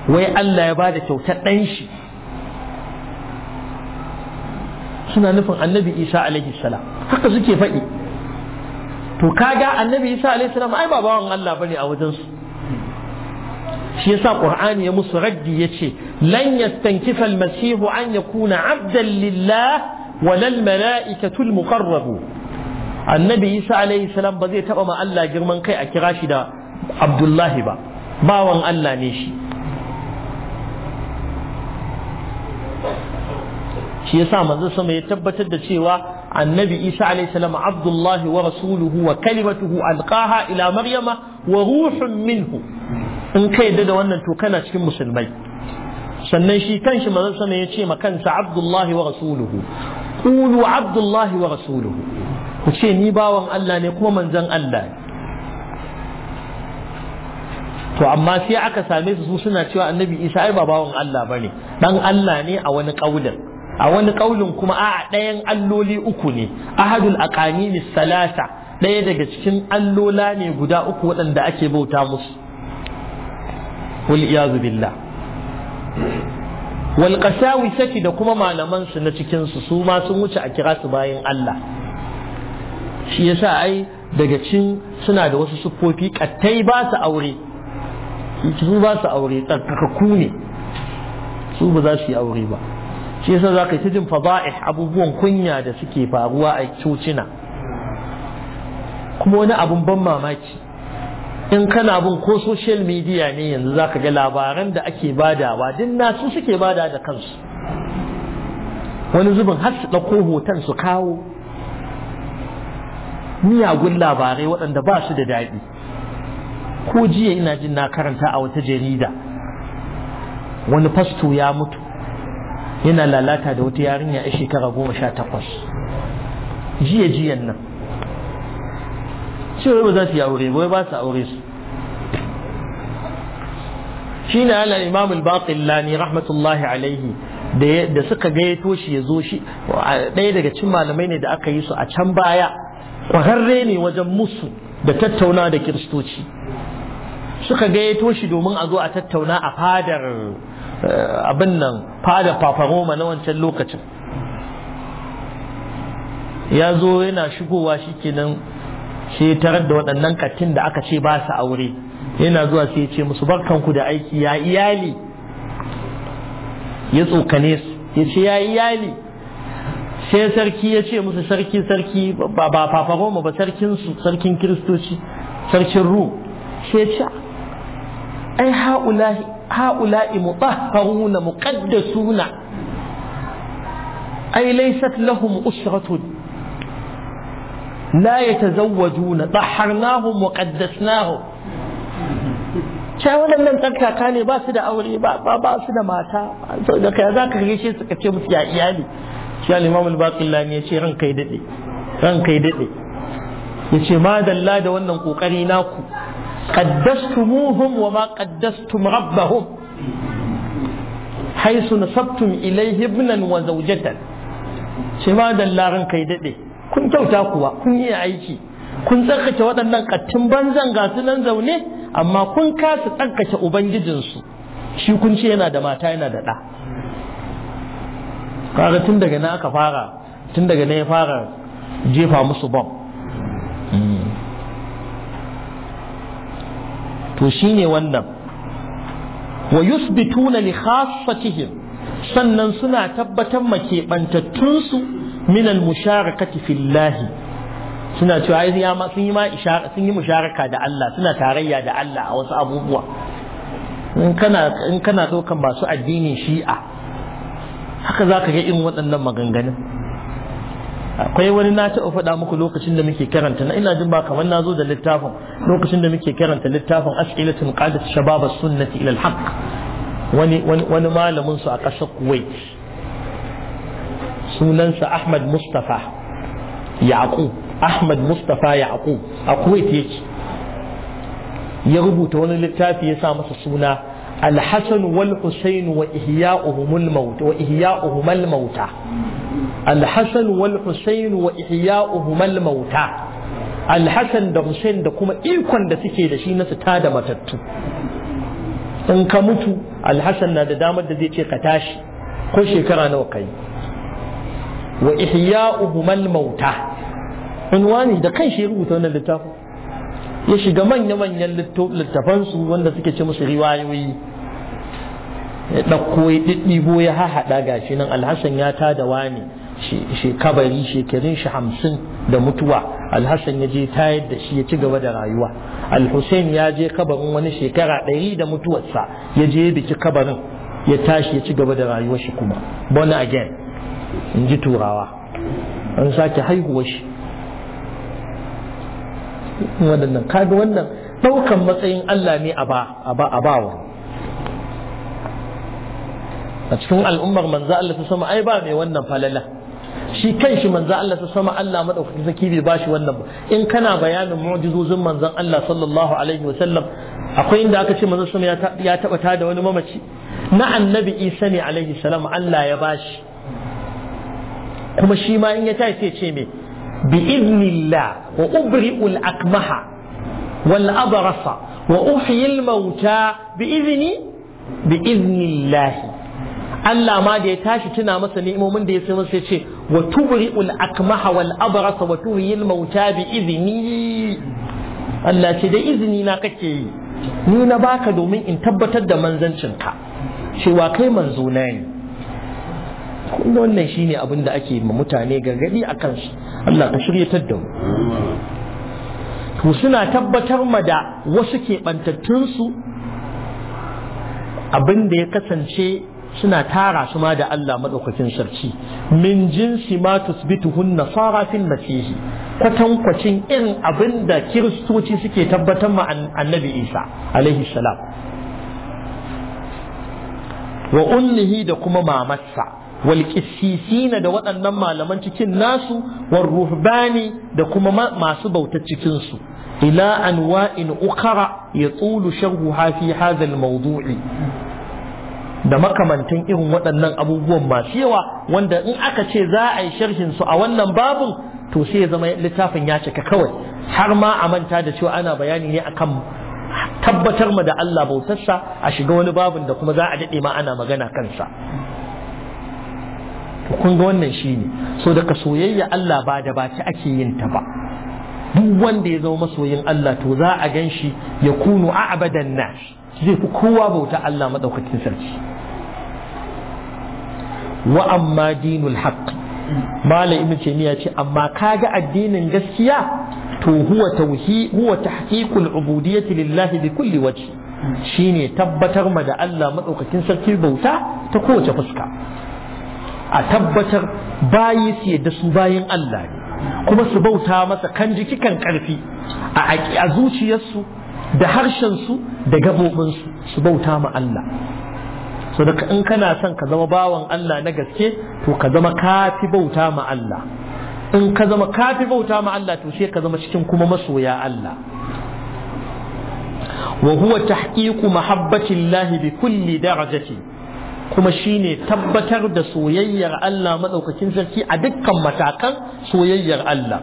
wai Allah ya ba da kyautar ɗan shi suna nufin annabi isa alaihi salam haka suke faɗi to kaga annabi isa alaihi salam ai ba bawan Allah bane a wajen su shi yasa qur'ani ya musu raddi yace lan yastankifa al-masih an yakuna abdan lillah wa lal mala'ikatu al annabi isa alaihi salam ba zai taba ma Allah girman kai a kira shi da abdullahi ba bawan Allah ne shi shi yasa manzo sama ya tabbatar da cewa annabi isa alayhi salam abdullahi wa rasuluhu wa ila maryama wa ruhun minhu in ka yadda da wannan to na cikin musulmai sannan shi kanshi manzon sama ya ce ma kansa abdullahi wa rasuluhu qulu abdullahi wa rasuluhu ku ce ni bawan Allah ne kuma to amma sai aka same su suna cewa annabi isa ai ba bawan Allah bane dan Allah ne a wani kaulin a wani ƙaunin kuma a ɗayan alloli uku ne ahadul aqanimi salasa ɗaya daga cikin allola ne guda uku waɗanda ake bauta musu wal iyazu billah wal qasawi saki da kuma malaman su na cikin su su ma sun wuce a kira su bayan Allah shi yasa ai daga cin suna da wasu siffofi kattai ba su aure su ba su aure tsakakku ne su ba za su yi aure ba shi yasa za ka yi ta jin fada'ih abubuwan kunya da suke faruwa a cocina kuma wani abun ban mamaki in kana bin ko social media ne yanzu za ka ga labaran da ake badawa din nasu suke bada da kansu wani zubin har su ɗauko hoton su kawo miyagun labarai waɗanda ba su da daɗi ko jiya ina jin na karanta a wata jarida wani fasto ya mutu yana lalata da wata yarinya a shekara goma sha takwas jiya jiyan nan cewa ba za su yi aure ba ba su aure su shi na ala imam al Lani rahmatullahi alaihi da suka gayyato shi ya zo shi ɗaya daga cin malamai ne da aka yi su a can baya kwararre ne wajen musu da tattauna da kiristoci suka gayyato shi domin a zo a tattauna a fadar Eh, abin nan fada fafaroma na wancan lokacin ya zo yana shigowa shikenan shi tarar da waɗannan katin da aka ce ba su aure yana zuwa sai ya ce musu barkanku da aiki ya iyali ya tsokane su ya ce ya iyali sai sarki ya ce musu sarki sarki ba fafaroma ba sarkin su sarkin kiristoci sarkin ru sai ya ce ai haulahi هؤلاء مطهرون مقدسون أي ليست لهم أسرة لا يتزوجون طهرناهم وقدسناهم cewa nan tsarkaka ne ba su da aure ba su da mata da kai za ka gaishe su kace musu ya iyali shi al al-baqilla ne ya ce ran kai daɗe. Ran kai daɗe. ya ce ma dalla da wannan ƙoƙari naku qaddastumuhum wa ma qaddastum rabbahum haisu nasabtum ilaihi ibnan wa zawjatan shi ma dallaran kai dade kun kyauta kuwa kun yi aiki kun tsarkake waɗannan kattun banzan ga su nan zaune amma kun kasa tsarkake ubangijinsu shi kun ce yana da mata yana da ɗa kaga tun daga na aka fara tun daga na ya fara jefa musu bom to shine wannan wa yusbituna li khassatihim sannan suna tabbatar ma keɓantattunsu min al-musharakati fillahi suna cewa ai ya ma sun yi ma ishara sun yi musharaka da Allah suna tarayya da Allah a wasu abubuwa in kana in kana masu addinin Shi'a haka zaka ga irin waɗannan maganganun akwai wani na taɓa faɗa muku lokacin da muke karanta na ina jin ba kamar na zo da littafin lokacin da muke karanta littafin as'ilatun qadat shabab as-sunnati ila al-haq wani wani malamin su a ƙasar Kuwait sunansa Ahmad Mustafa Yaqub Ahmad Mustafa Yaqub a Kuwait yake ya rubuta wani littafi ya sa masa suna Al-Hasan wal Husayn wa ihya'uhumul maut wa ihya'uhumal mauta Alhasan الحسن والحسين وإحياؤهما mauta Alhasan da Hussein da kuma ikon da suke da shi na su tada matattu in ka mutu alhassan na da damar da zai ce ka tashi ko shekara nawa kai wa ihya'uhumal mauta unwani da kan shi rubuta wannan littafin ya shiga manya-manyan littafansu wanda suke ce musu riwayoyi ya ɗauko ya haɗa ya shi nan alhassan ya ta da wani shekabari shekarun shi hamsin da mutuwa alhassan ya je tayar da shi ya ci gaba da rayuwa alhussein ya je kabarin wani shekara ɗari da mutuwarsa ya je biki kabarin ya tashi ya ci gaba da rayuwar shi kuma born again in ji turawa an sake haihuwar shi waɗannan kaga wannan ɗaukan matsayin allah ne a ba a ba wani a cikin al'ummar manzo Allah ta sama ai ba mai wannan falala shi shi manzo Allah ta sama Allah madaukaki saki bai bashi wannan ba in kana bayanin mu'jizozin manzon Allah sallallahu alaihi wasallam akwai inda aka ce manzo sama ya taba ta da wani mamaci na annabi Isa ne alaihi salam Allah ya bashi kuma shi ma in ya tashi sai ce me bi idnillah wa al akmaha wal abrasa wa uhyi al mauta bi idni bi idnillah Allah ma da ya tashi tuna masa ni'imomin da ya sai masa ce wa tubri'ul akmaha wal abrasa wa tuhiyil mauta bi izni Allah ce da izini na kake yi ni na baka domin in tabbatar da ka, cewa kai manzo na ne wannan shine abin da ake ma mutane gargadi a kansu Allah ka shiryatar da mu to suna tabbatar ma da wasu su abin da ya kasance suna tara su ma da Allah madaukakin sarki min jinsi ma tusbituhun nasara fil masihi kwatankwacin irin abin da kiristoci suke tabbatar ma annabi isa alaihi salam wa ummihi da kuma mamarsa wal na da waɗannan malaman cikin nasu war ruhbani da kuma masu bautar cikin su ila anwa'in ukara tsulu sharhuha fi hadha al da makamantan irin waɗannan abubuwan masu yawa wanda in aka ce za a yi sharhin su a wannan babun to sai ya zama littafin ya cika kawai har ma a manta da cewa ana bayani ne akan tabbatar ma da Allah bautarsa a shiga wani babun da kuma za a daɗe ma ana magana kansa kun ga wannan ne. so daga soyayya Allah ba da baci ake yin ta ba duk wanda ya zama masoyin Allah to za a gan shi ya kunu a abadan nash zai fi kowa bauta Allah maɗaukakin sarki wa amma dinul haqq malam ibnu taymiya ce amma kaga addinin gaskiya to huwa tauhi huwa tahqiqul ubudiyyati lillahi bi kulli wajh shine tabbatar ma da Allah maɗaukakin sarki bauta ta kowace fuska a tabbatar bayi su yadda su bayin Allah ne kuma su bauta masa kan jiki kan karfi a zuciyarsu da harshensu da gabobinsu su bauta ma Allah so in kana son ka zama bawan Allah na gaske to ka zama kafi bauta ma Allah in ka zama kafi bauta ma Allah to sai ka zama cikin kuma masoya Allah wa huwa tahqiqu mahabbati Allah bi kulli darajati kuma shine tabbatar da soyayyar Allah madaukakin sarki a dukkan matakan soyayyar Allah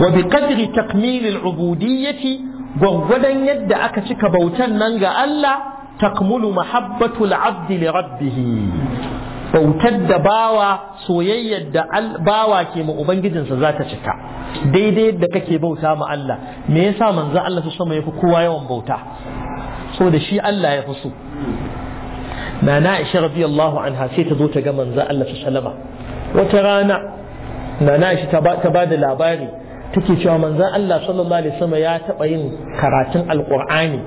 wa bi qadri takmilil ubudiyyati gwaggwadon yadda aka cika bautan nan ga Allah takmulu mahabbatul abdi li rabbih bautar da bawa soyayyar da bawa ke ma ubangijinsa za ta cika daidai yadda kake bauta mu Allah me yasa manzo Allah su sama yafi kowa yawan bauta so da shi Allah ya fi so nana Aisha radiyallahu anha sai ta zo ta ga manzo Allah sallallahu wata rana nana ta ba da labari take cewa manzan Allah sallallahu alaihi wasallam ya taba yin karatun alqur'ani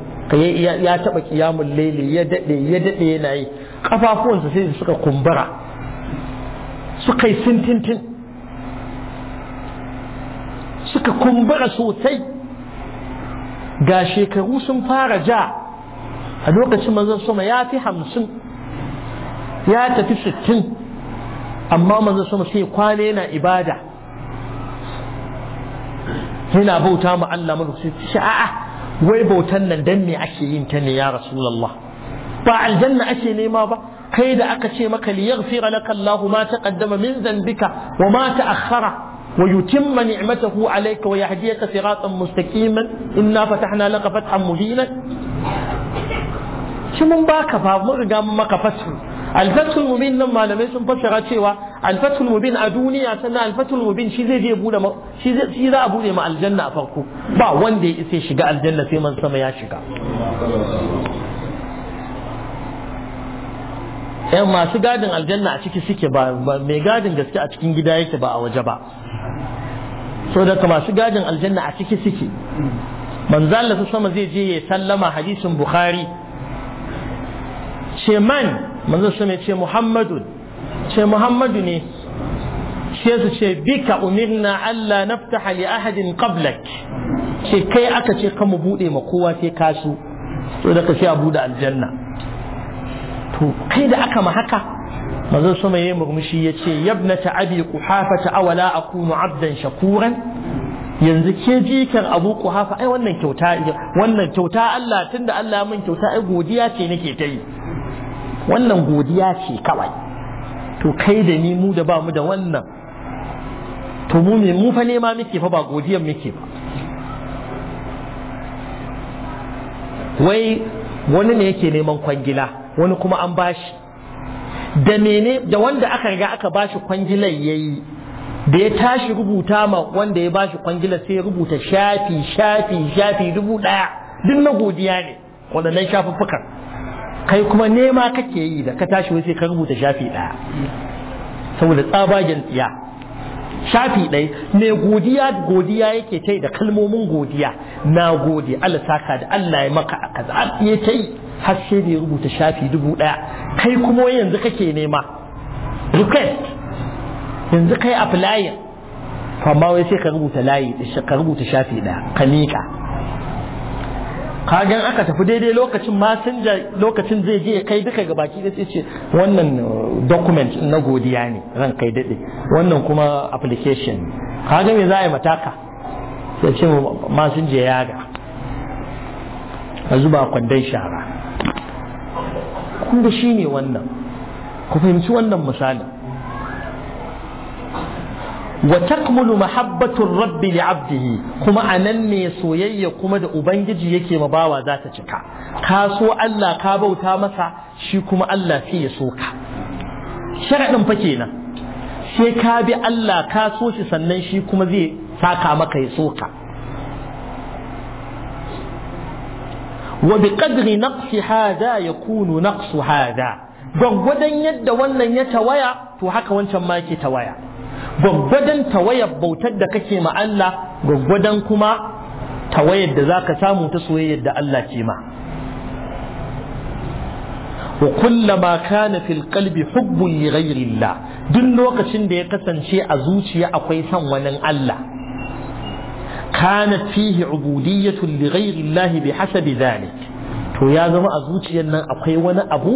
ya taba qiyamul layli ya dade ya dade yana yi kafafuwansa sai suka kumbura suka yi sintintin suka kumbura sosai ga shekaru sun fara ja a lokacin manzon sama ya fi hamsin ya tafi sittin amma manzon sama sai kwana yana ibada yana bauta ma Allah mulki sai a'a wai bautan nan dan me ake yin ta ne ya rasulullah ba aljanna ake nema ba kai da aka ce maka li yaghfira laka Allahu ma taqaddama min dhanbika wa ma ta'akhkhara wa yutimma ni'matahu alayka wa yahdiyaka siratan mustaqiman inna fatahna laka fathan mubina shi mun baka fa mun riga mun maka fasu al-fathul mubin nan malamai sun fassara cewa alfatul mubin a duniya sannan alfatul mubin shi zai je bude shi shi za a bude ma aljanna a farko ba wanda ya isa shiga aljanna sai man sama ya shiga yan masu gadin aljanna a ciki suke ba mai gadin gaske a cikin gida yake ba a waje ba so daga masu gadin aljanna a ciki suke manzo Allah sama zai je ya sallama hadisin bukhari ce man manzo sama ce Muhammadu. ce muhammadu ne sai su ce bika umirna Allah naftaha li ahadin qablak ce kai aka ce ka mu bude ma kowa sai ka su to da kashi abu da aljanna to kai da aka ma haka manzon sama yayi murmushi yace yabnata abi quhafata awala akunu abdan shakuran yanzu ke jikar abu quhafa ai wannan kyauta wannan kyauta Allah tunda Allah min kyauta ai godiya ce nake ta yi wannan godiya ce kawai to kai da ni mu da ba mu da wannan to mu ne mu fa nema muke fa ba godiyan muke ba wai wani ne yake neman kwangila wani kuma an bashi da mene da wanda aka riga aka bashi kwangilar yayi da ya tashi rubuta ma wanda ya bashi kwangilar sai ya rubuta shafi shafi shafi dubu daya duk na godiya ne wadannan shafuffukan kai kuma nema kake yi da ka tashi sai ka rubuta shafi ɗaya saboda tsabagen tsiya shafi ɗaya mai godiya godiya yake tai da kalmomin godiya na gode Allah saka da Allah ya maka a kaza ya tai har sai da ya rubuta shafi dubu ɗaya kai kuma yanzu kake nema request yanzu kai applying amma wai sai ka rubuta layi ka rubuta shafi ɗaya ka miƙa kagan aka tafi daidai lokacin masinja lokacin zai je kai duka ga baki da ce wannan uh, document na godiya ne ran kai daɗe wannan kuma application kaga me za a yi mataka ya ce masinja ya ga a zuba kwandon shara kun da shi ne wannan ku fahimci wannan misalin Watakmulu mahabbatun mahabbatur rabbi li abdihi kuma anan ne soyayya kuma da ubangiji yake ma bawa za ta cika ka Allah ka bauta masa shi kuma Allah sai ya so ka sharadin fa kenan sai ka bi Allah ka so shi sannan shi kuma zai saka maka ya so ka wa bi qadri naqsi hada yakunu naqsu hada gwagwadon yadda wannan ya tawaya to haka wancan ma ta waya. gwaggwadon tawayar bautar da kake ma Allah gwaggwadon kuma tawayar da zaka samu ta soyayyar da Allah ke ma wa kullama kana fil qalbi hubbun li ghayri duk lokacin da ya kasance a zuciya akwai son wani Allah Kana fihi ubudiyyatun li ghayri bi hasabi dhalik to ya zama a zuciyar nan akwai wani abu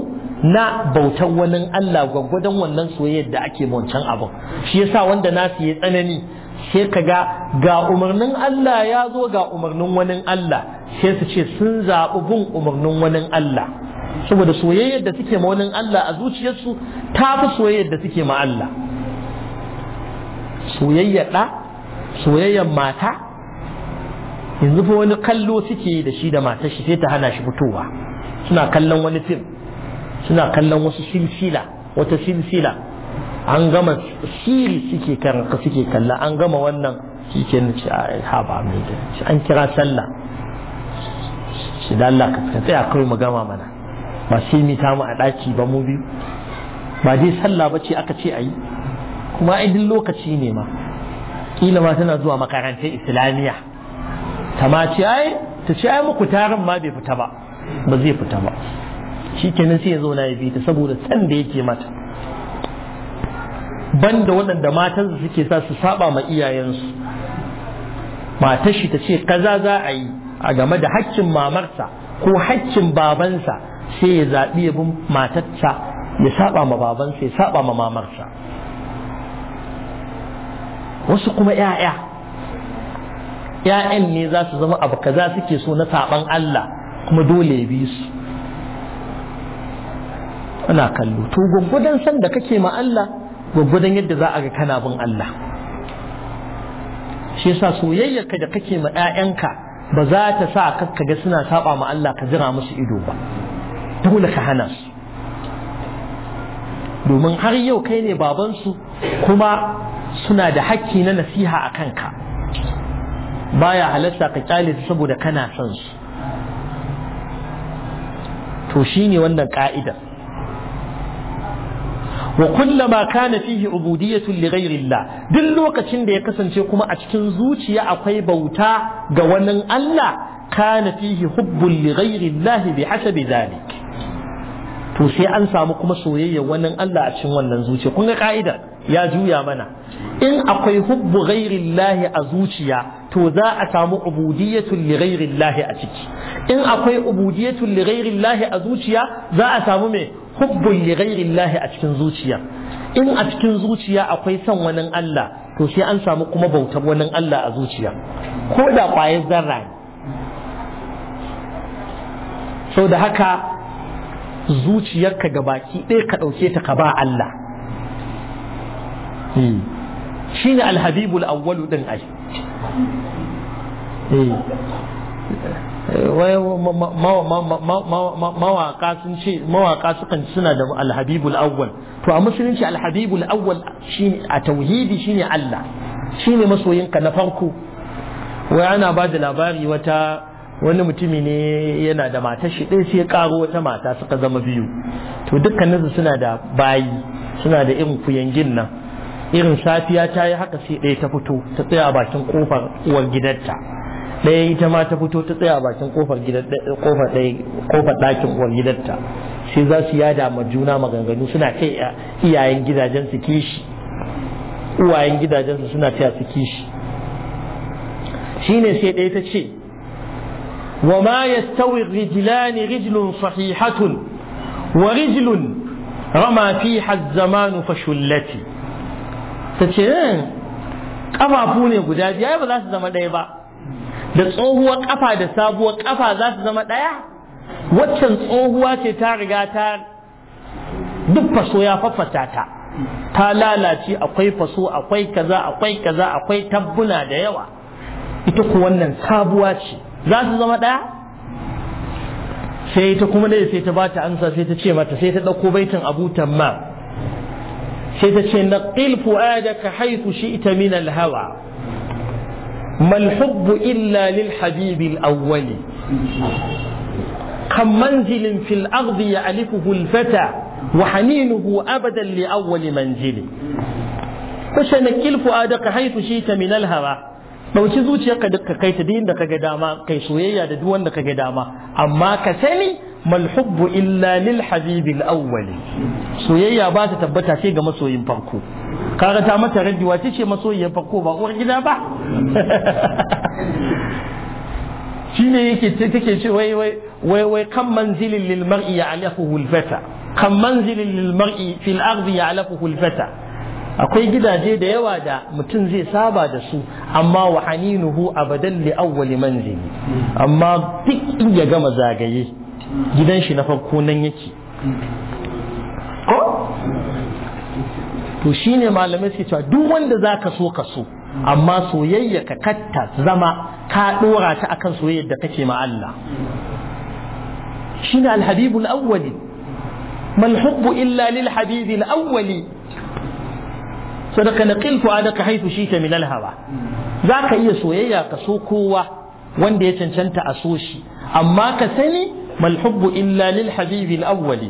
na bautar wani Allah gwaggwadon wannan soyayyar da ake wancan abin shi yasa wanda nasu ya tsanani sai ka ga ga umarnin Allah ya zo ga umarnin wani Allah sai su ce sun zaɓi bin umarnin wani Allah saboda soyayyar da suke ma wani Allah a zuciyarsu ta fi soyayyar da suke ma Allah soyayyar ɗa soyayyar mata yanzu fa wani kallo suke da shi da matar shi sai ta hana shi fitowa suna kallon wani fim suna kallon wasu silsila wata silsila an gama siri suke karanka suke kalla an gama wannan shi ke nufi mai da an kira sallah shi da Allah ka tsaya kawai mu gama mana ba sai mu ta mu a daki ba mu biyu ba dai sallah ba ce aka ce ayi kuma ai duk lokaci ne ma kila ma tana zuwa makarantar islamiyya ta ma ce ai ta ce ai muku tarin ma bai fita ba ba zai fita ba shi kenan sai ya zo ya bi ta saboda san da yake mata banda waɗanda su suke sa su saba ma iyayensu mata shi ta ce kaza za a yi a game da haƙƙin mamarsa ko haƙƙin babansa sai ya zaɓi ya bin matarsa ya saba ma babansa ya saba ma mamarsa wasu kuma 'ya'ya ‘ya'yan ne za su zama abu kaza suke so na saban Allah kuma dole ya bi su ana kallo to gwaggwadon san da kake ma Allah gwaggwadon yadda za a ga kana bin Allah shi yasa soyayyarka da kake ma 'ya'yanka ba za ta sa ka ga suna saba ma Allah ka jira musu ido ba dole ka hana su domin har yau kai ne baban su kuma suna da hakki na nasiha a ka baya halatta ka kyale su saboda kana son su to shine wannan ka'idar wa kullama kana fihi ubudiyatu li ghayrillah duk lokacin da ya kasance kuma a cikin zuciya akwai bauta ga wani Allah kana hubbu hubbun li ghayrillah to sai an samu kuma soyayya wani Allah a cikin wannan zuciya kun ga ka'ida ya juya mana in akwai hubbu ghayrillah a zuciya to za a samu ubudiyatu li ghayrillah a ciki in akwai ubudiyatu li ghayrillah a zuciya za a samu me hubbun li ghairillahi a cikin zuciya in a cikin zuciya akwai son wani Allah to sai an samu kuma bautar wani Allah a zuciya ko da ƙwayar zarra ne sau da haka zuciyarka ga baki ɗaya ka ɗauke ta ka ba Allah hmm. shi ne alhabibul awwalu ɗin ai hmm. mawaka sun ce mawaka sukan suna da alhabibul awwal to a musulunci alhabibul awwal shine a tauhidi shine Allah shine masoyinka na farko wai ana ba da labari wata wani mutumi ne yana da mata shi ɗaya sai ya karo wata mata suka zama biyu to dukkaninsu suna da bayi suna da irin kuyangin nan irin safiya ta yi haka sai ɗaya ta fito ta tsaya a bakin kofar uwar gidanta ɗaya ita ma ta fito ta tsaya bakin kofar kofar ɗakin uwar gidanta sai za su yada ma juna maganganu suna kai iyayen gidajen su kishi uwayen gidajen su suna taya su kishi shine sai ɗaya ta ce wa ma yastawi rijlani rijlun sahihatun wa rijlun rama fi az-zamanu fashullati ta ce eh, Ƙafafu ne guda biyu ba za su zama ɗaya ba da tsohuwar kafa da sabuwar kafa za su zama ɗaya waccan tsohuwa ce ta riga ta duk faso ya faffata ta ta lalace akwai faso akwai kaza akwai kaza akwai tabbuna da yawa ita ku wannan sabuwa ce za su zama ɗaya sai ta kuma dai sai ta bata amsa sai ta ce mata sai ta ɗauko baitin abu tamma sai ta ce naqil fu'adaka haythu shi'ta min al-hawa mal hubbu illa lil habibil awwali kan manzilin fil ardi ya alifuhu alfata wa haninuhu abadan li awwali manzili kilfu adaka haythu shita min al-hawa ɗauki zuciyarka duk ka kai ta da kaga dama kai soyayya da duk wanda kage dama amma ka sani mal hubbu illa lil habibil awwali soyayya ba ta tabbata sai ga masoyin farko kaga ta mata raddi wace ce masoyiyar farko ba uwar gida ba shine yake take ce wai wai wai wai kan manzilin lil mar'i ya'lafuhu al-fata kan manzilin lil mar'i fil ardi ya'lafuhu al-fata akwai gidaje da yawa da mutum zai saba da su amma wa haninuhu abadan li awwali manzili amma duk in ya gama zagaye gidan shi na farko nan yake ko to shine malamai suke cewa duk wanda zaka so ka so amma soyayya ka katta zama ka dora ta akan soyayyar da kake ma Allah shine alhabibul awwali mal hubbu illa lil habibil awwali sadaka naqil fuadaka haythu shita min al hawa zaka iya soyayya ka so kowa wanda ya cancanta a so shi amma ka sani mal hubbu illa lil habibil awwali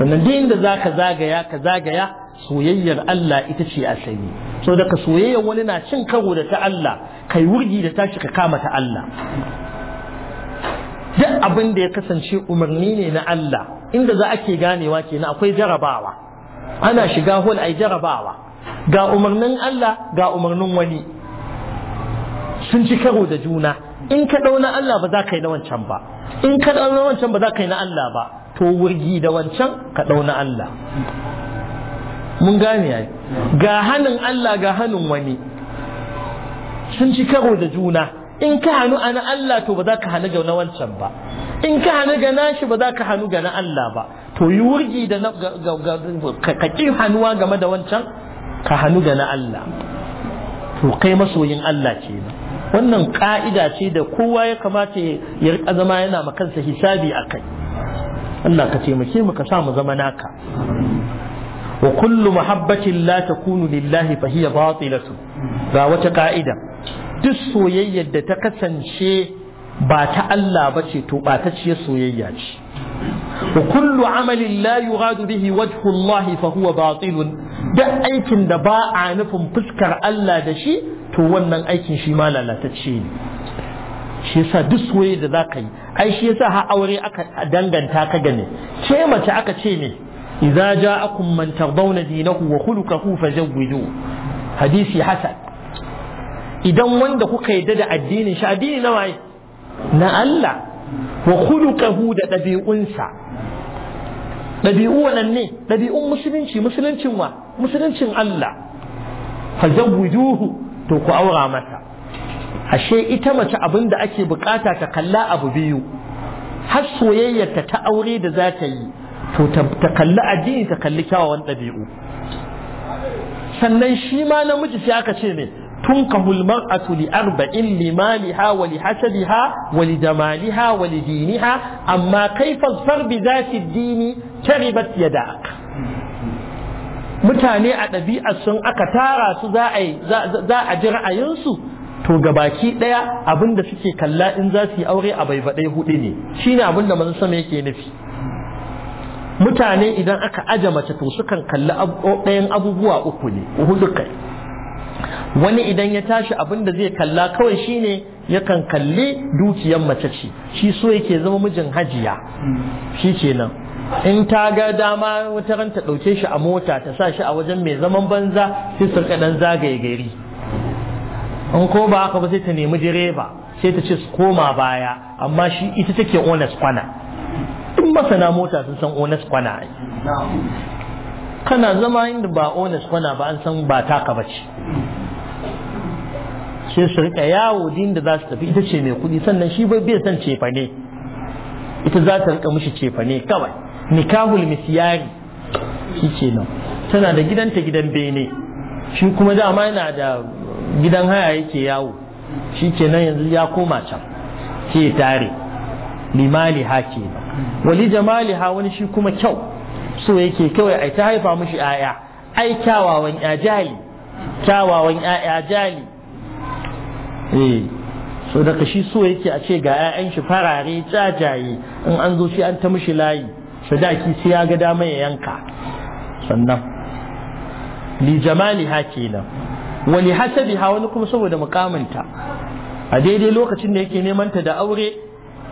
sannan duk inda zaka zagaya ka zagaya soyayyar Allah ita ce asali so daga soyayyar wani na cin karo da ta Allah kai wurgi da tashi ka kama ta Allah duk abin da ya kasance umarni ne na Allah inda za ake ganewa kenan akwai jarabawa ana shiga hol ai jarabawa ga umarnin Allah ga umarnin wani sun ci karo da juna in ka dauna Allah ba za ka yi na wancan ba in ka dauna wancan ba za ka yi na Allah ba to wurgi da wancan ka dauna Allah mun gane yayi ga hannun Allah ga hannun wani sun ci karo da juna in ka hannu a na Allah to ba za ka hannu ga na wancan ba in ka hannu ga nashi ba za ka hannu ga na Allah ba to yi wurgi da ka ƙi hannuwa game da wancan ka hannu ga na Allah to kai masoyin Allah ce ba wannan ka'ida ce da kowa ya kamata ya riƙa zama yana ma hisabi a kai Allah ka taimake mu ka sa mu zama naka wa kullu muhabbatin la takunu lillahi fa hiya batilatu wata ka'ida duk soyayya da ta kasance ba ta Allah ba ce to ɓatacciyar soyayya ce wa kullu amalin la yughadu bihi wajhu fa huwa duk aikin da ba a nufin fuskar Allah da shi to wannan aikin shi ma lalatacce ne shi yasa duk soyayya da zaka yi ai shi yasa har aure aka danganta ka gane ce mace aka ce ne idza ja'akum man tardawna dinahu wa khuluquhu fazawwiju hadisi hasan idan wanda kuka yadda da addinin shi na waye na Allah wa khuluquhu da dabi'unsa dabi'u wannan ne dabi'un musulunci wa musuluncin Allah fazawwijuhu to ku aura masa ashe ita mace abin da ake bukata ta kalla abu biyu har soyayyarta ta aure da za ta yi to ta kalli addini ta kalli kyawawan ɗabi'u sannan shi ma namiji sai aka ce ne tun hulmar mar'atu li arba'in limaliha wali li hasabiha jamaliha wali diniha amma kai far bi zati dini taribat da. mutane a ɗabi'a sun aka tara su za a ji ra'ayinsu to ga baki ɗaya abinda suke kalla in za su yi aure a bai baɗai hudu ne shine abinda manzo sama yake nufi mutane idan aka aje mace to sukan kalli ɗayan abubuwa uku ne hudu kai wani idan ya tashi abin da zai kalla kawai shine yakan kalli dukiyar mace ce shi so yake zama mijin hajiya shi kenan in ta ga dama wata ran ta ɗauke shi a mota ta sa shi a wajen mai zaman banza sai su dan zagaye gari in ko ba haka ba sai ta nemi direba sai ta ce su koma baya amma shi ita take onas kwana duk masana mota sun san onas kwana kana zama inda ba onas kwana ba an san ba ta ba ce sai su rika yawo din da za su tafi ita ce mai kuɗi sannan shi bai bai san cefa ne ita za ta rika mishi cefa ne kawai nikahul misyari shi ce nan tana da gidanta gidan bene shi kuma dama yana da gidan haya yake yawo shi ke nan yanzu ya koma can ke tare limali hake nan wali jamali ha wani shi kuma kyau so yake kawai ai ta haifa mushi 'ya'ya ai kyawawan 'ya jali kyawawan 'ya'ya jali eh so daga shi so yake a ce ga 'ya'yan shi farare jajaye in an zo shi an ta mushi layi sadaki sai ya ga dama ya yanka sannan li jamaliha kenan wali ha wani kuma saboda mukamanta. a daidai lokacin da yake neman ta da aure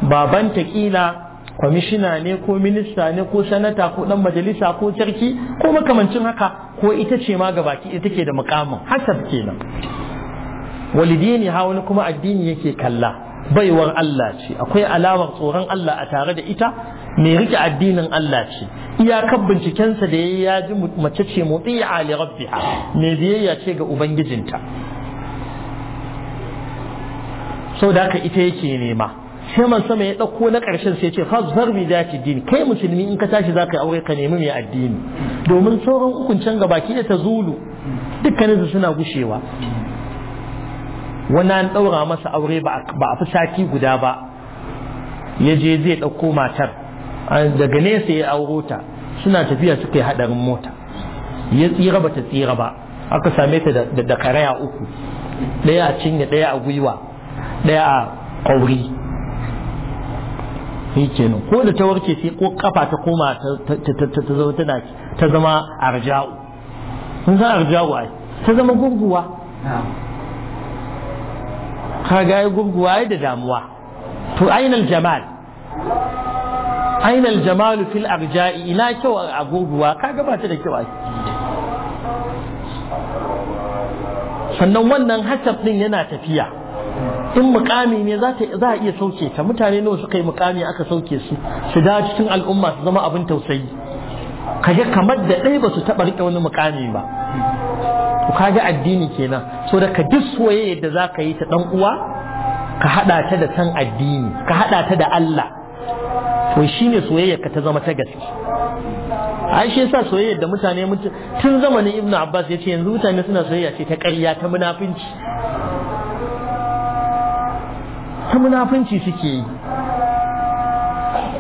babanta kila kwamishina ne ko minista ne ko sanata ko dan majalisa ko sarki ko makamancin haka ko ita ce ma gabaki ita ke da mukamin hasab kenan walidini ha wani kuma addini yake kalla baiwar Allah ce akwai alamar tsoron Allah a tare da ita mai rike addinin Allah ce iyakar bincikensa da ya ji mace ce motsi a rabbiha mai biyayya ce ga ubangijinta sau da haka ita yake nema sai sama ya ɗauko na ƙarshen sai ce fasfar zarbi da ki dini kai musulmi in ka tashi za ka yi aure ka nemi mai addini domin sauran ukun can baki ki da ta zulu dukkaninsu suna gushewa wani an ɗaura masa aure ba a fi sati guda ba ya je zai ɗauko matar daga nesa ya auro ta suna tafiya suka yi haɗarin mota ya tsira ba ta tsira ba aka same ta da karaya uku ɗaya a cinye ɗaya a gwiwa ɗaya a ƙauri sai kenan ko da ta warke sai ko kafa ta koma ta zama tana ta zama arja'u sun san arja'u ai ta zama gurguwa ga ai gurguwa ai da damuwa to ainal jamal ainal jamal fil arja'i ina kyau a gurguwa ga ba ta da kyau ai sannan wannan hasab din yana tafiya in mukami ne za a iya sauke ta mutane nawa suka yi mukami aka sauke su su da cikin al'umma su zama abin tausayi kaje kamar da ɗaya ba su taɓa riƙe wani mukami ba to kaga addini kenan so da ka duk yadda da za ka yi ta ɗan uwa ka haɗa ta da san addini ka haɗa ta da Allah to shine soyayya ka ta zama ta gaske ai shi yasa soyayya da mutane tun zamanin Ibn Abbas yace yanzu mutane suna soyayya ce ta ƙarya ta munafinci ta munafunci suke yi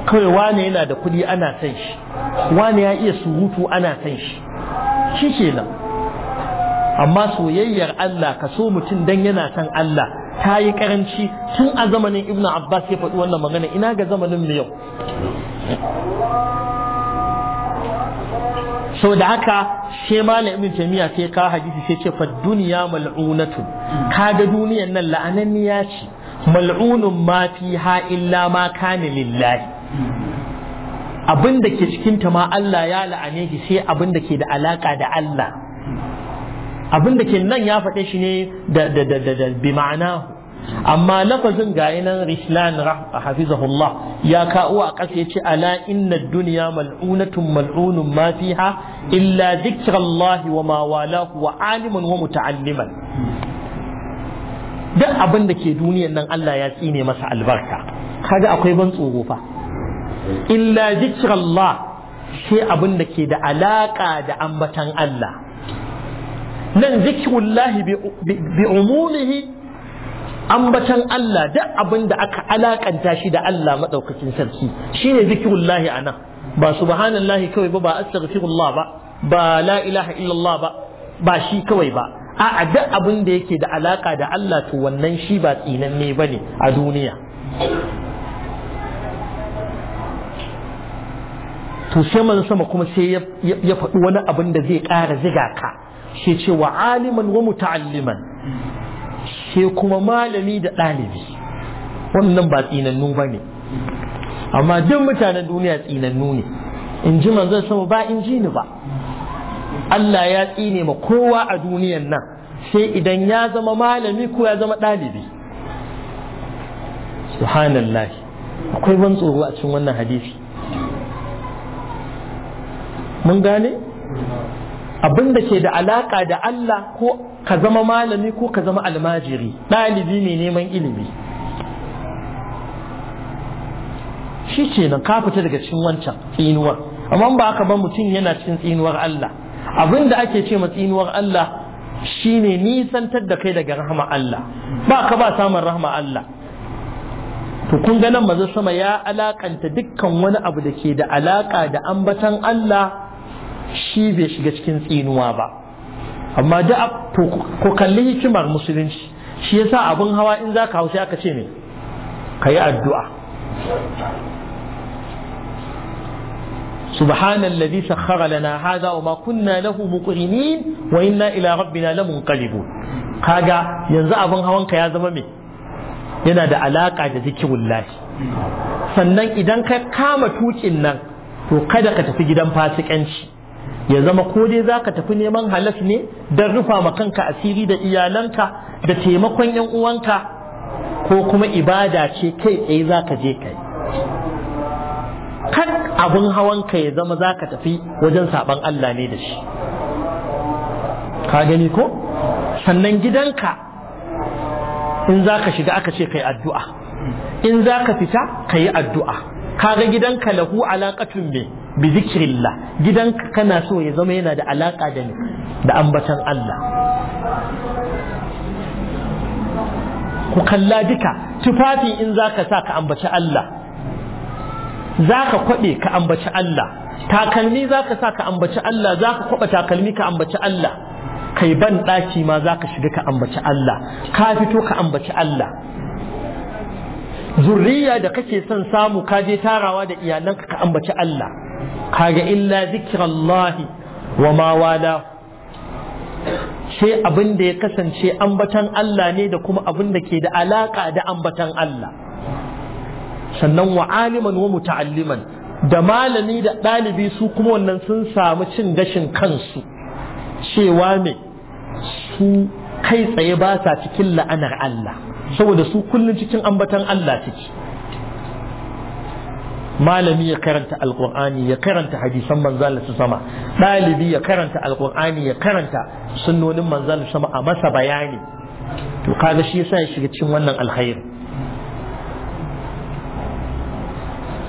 kawai wane yana da kuɗi ana san shi wane ya iya surutu ana san shi shi ke nan. amma soyayyar Allah ka so mutum dan yana san Allah ta yi karanci tun a zamanin Ibn Abbas ya faɗi wannan magana ina ga zamanin mu yau sau da haka she malam ibn taymiya sai ka hadisi sai ce fa duniya mal'unatu kaga duniyan nan la'ananniya ce mal'unun ma fiha illa ma kana lillahi abin da ke cikinta ma Allah ya la'ane shi sai abin da ke da alaka da Allah abin da ke nan ya faɗe shi ne da bi ma'ana amma lafazin gayi nan rishlan hafizahullah ya kawo a ƙasa yace ala inna duniya mal'unatun mal'unun ma fiha illa zikirallahi wa ma walahu wa aliman wa muta'alliman duk abin da ke duniyan nan Allah ya tsine masa albarka kaga akwai ban tsoro fa illa zikrallah sai abin da ke da alaka da ambatan Allah nan zikrullahi bi umumihi ambatan Allah duk abin da aka alakanta shi da Allah madaukakin sarki shine zikrullahi anan ba subhanallahi kawai ba ba astaghfirullah ba ba la ilaha illallah ba ba shi kawai ba a duk abin da yake da alaka da Allah to wannan shi ba tsinanne ba ne a duniya to sai man sama kuma sai ya faɗi wani abin da zai ƙara ziga ka shi ce wa aliman wa muta'alliman shi kuma malami da ɗalibi wannan ba tsinannu ba ne amma duk mutanen duniya tsinannu ne in ji manzon sama ba in ji ni ba Allah ya tsine ma kowa a duniyan nan sai idan ya zama malami ko ya zama ɗalibi subhanallah akwai ban tsoro a cikin wannan hadisi mun gane abin da ke da alaƙa da Allah ko ka zama malami ko ka zama almajiri ɗalibi ne neman ilimi shi ce nan ka fita daga cikin wancan tsinuwar amma ba haka ba mutum yana cikin tsinuwar Allah abin da ake ce matsinuwar Allah shi ne nisantar da kai daga rahama Allah ba ka ba samun rahama Allah to kun ga maza sama ya alakanta dukkan wani abu da ke da alaka da ambatan Allah shi bai shiga cikin tsinuwa ba amma da ku kalli hikimar musulunci shi yasa abin hawa in za ka hau sai aka ce ne ka yi addu'a سبحان الذي سخر لنا wa ma kunna له مقرنين wa إلى ila rabbina lamunqalibun kaga yanzu abin ka ya zama yana da alaƙa da zikirullahi sannan idan ka kama tukin nan to kada ka tafi gidan fasikanci ya zama ko dai za ka tafi neman halas ne don rufa ma kanka asiri da iyalanka da taimakon yan uwanka ko kuma ibada ce kai tsaye za ka je kai abin hawanka ya zama za ka tafi wajen saɓan Allah ne da shi ka gani ko sannan gidanka in za ka shiga aka ce ka yi addu'a in za ka fita ka yi addu'a kaga gidanka lahu alaƙatun me bi zikirillah gidanka kana so ya zama yana da alaƙa da da ambatan Allah ku kalla duka tufafi in za ka sa ka ambaci Allah za ka kwaɓe ka ambaci Allah takalmi za ka sa ka ambaci Allah za ka kwaɓa takalmi ka ambaci Allah kai ban ɗaki ma za ka shiga ka ambaci Allah ka fito ka ambaci Allah zurriya da kake son samu ka je tarawa da iyalanka ka ambaci Allah kaga illa zikirallahi wa ma wala sai abin da ya kasance ambatan Allah ne da kuma abin da ke da alaƙa da ambatan Allah sannan wa aliman wa muta'alliman da malami da ɗalibi su kuma wannan sun samu cin gashin kansu cewa me su kai tsaye ba sa cikin la'anar Allah saboda su kullum cikin ambatan Allah ciki malami ya karanta alkur'ani ya karanta hadisan manzal su sama ɗalibi ya karanta alkur'ani ya karanta sunnonin manzal sama a masa bayani to kaga shi yasa ya shiga cikin wannan alkhairi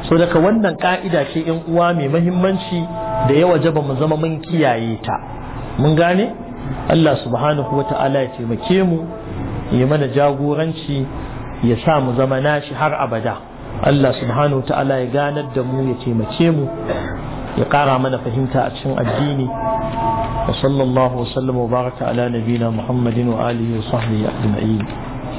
so daga wannan ka'ida ce in uwa mai mahimmanci da ya wajaba mu zama mun kiyaye ta mun gane Allah subhanahu wa ta'ala ya taimake mu ya mana jagoranci ya sa mu zama nashi har abada Allah subhanahu wa ta'ala ya ganar da mu ya taimake mu ya ƙara mana fahimta a cikin addini wa sallallahu wa wa baraka ala nabina muhammadin wa alihi wa sahbihi ajma'in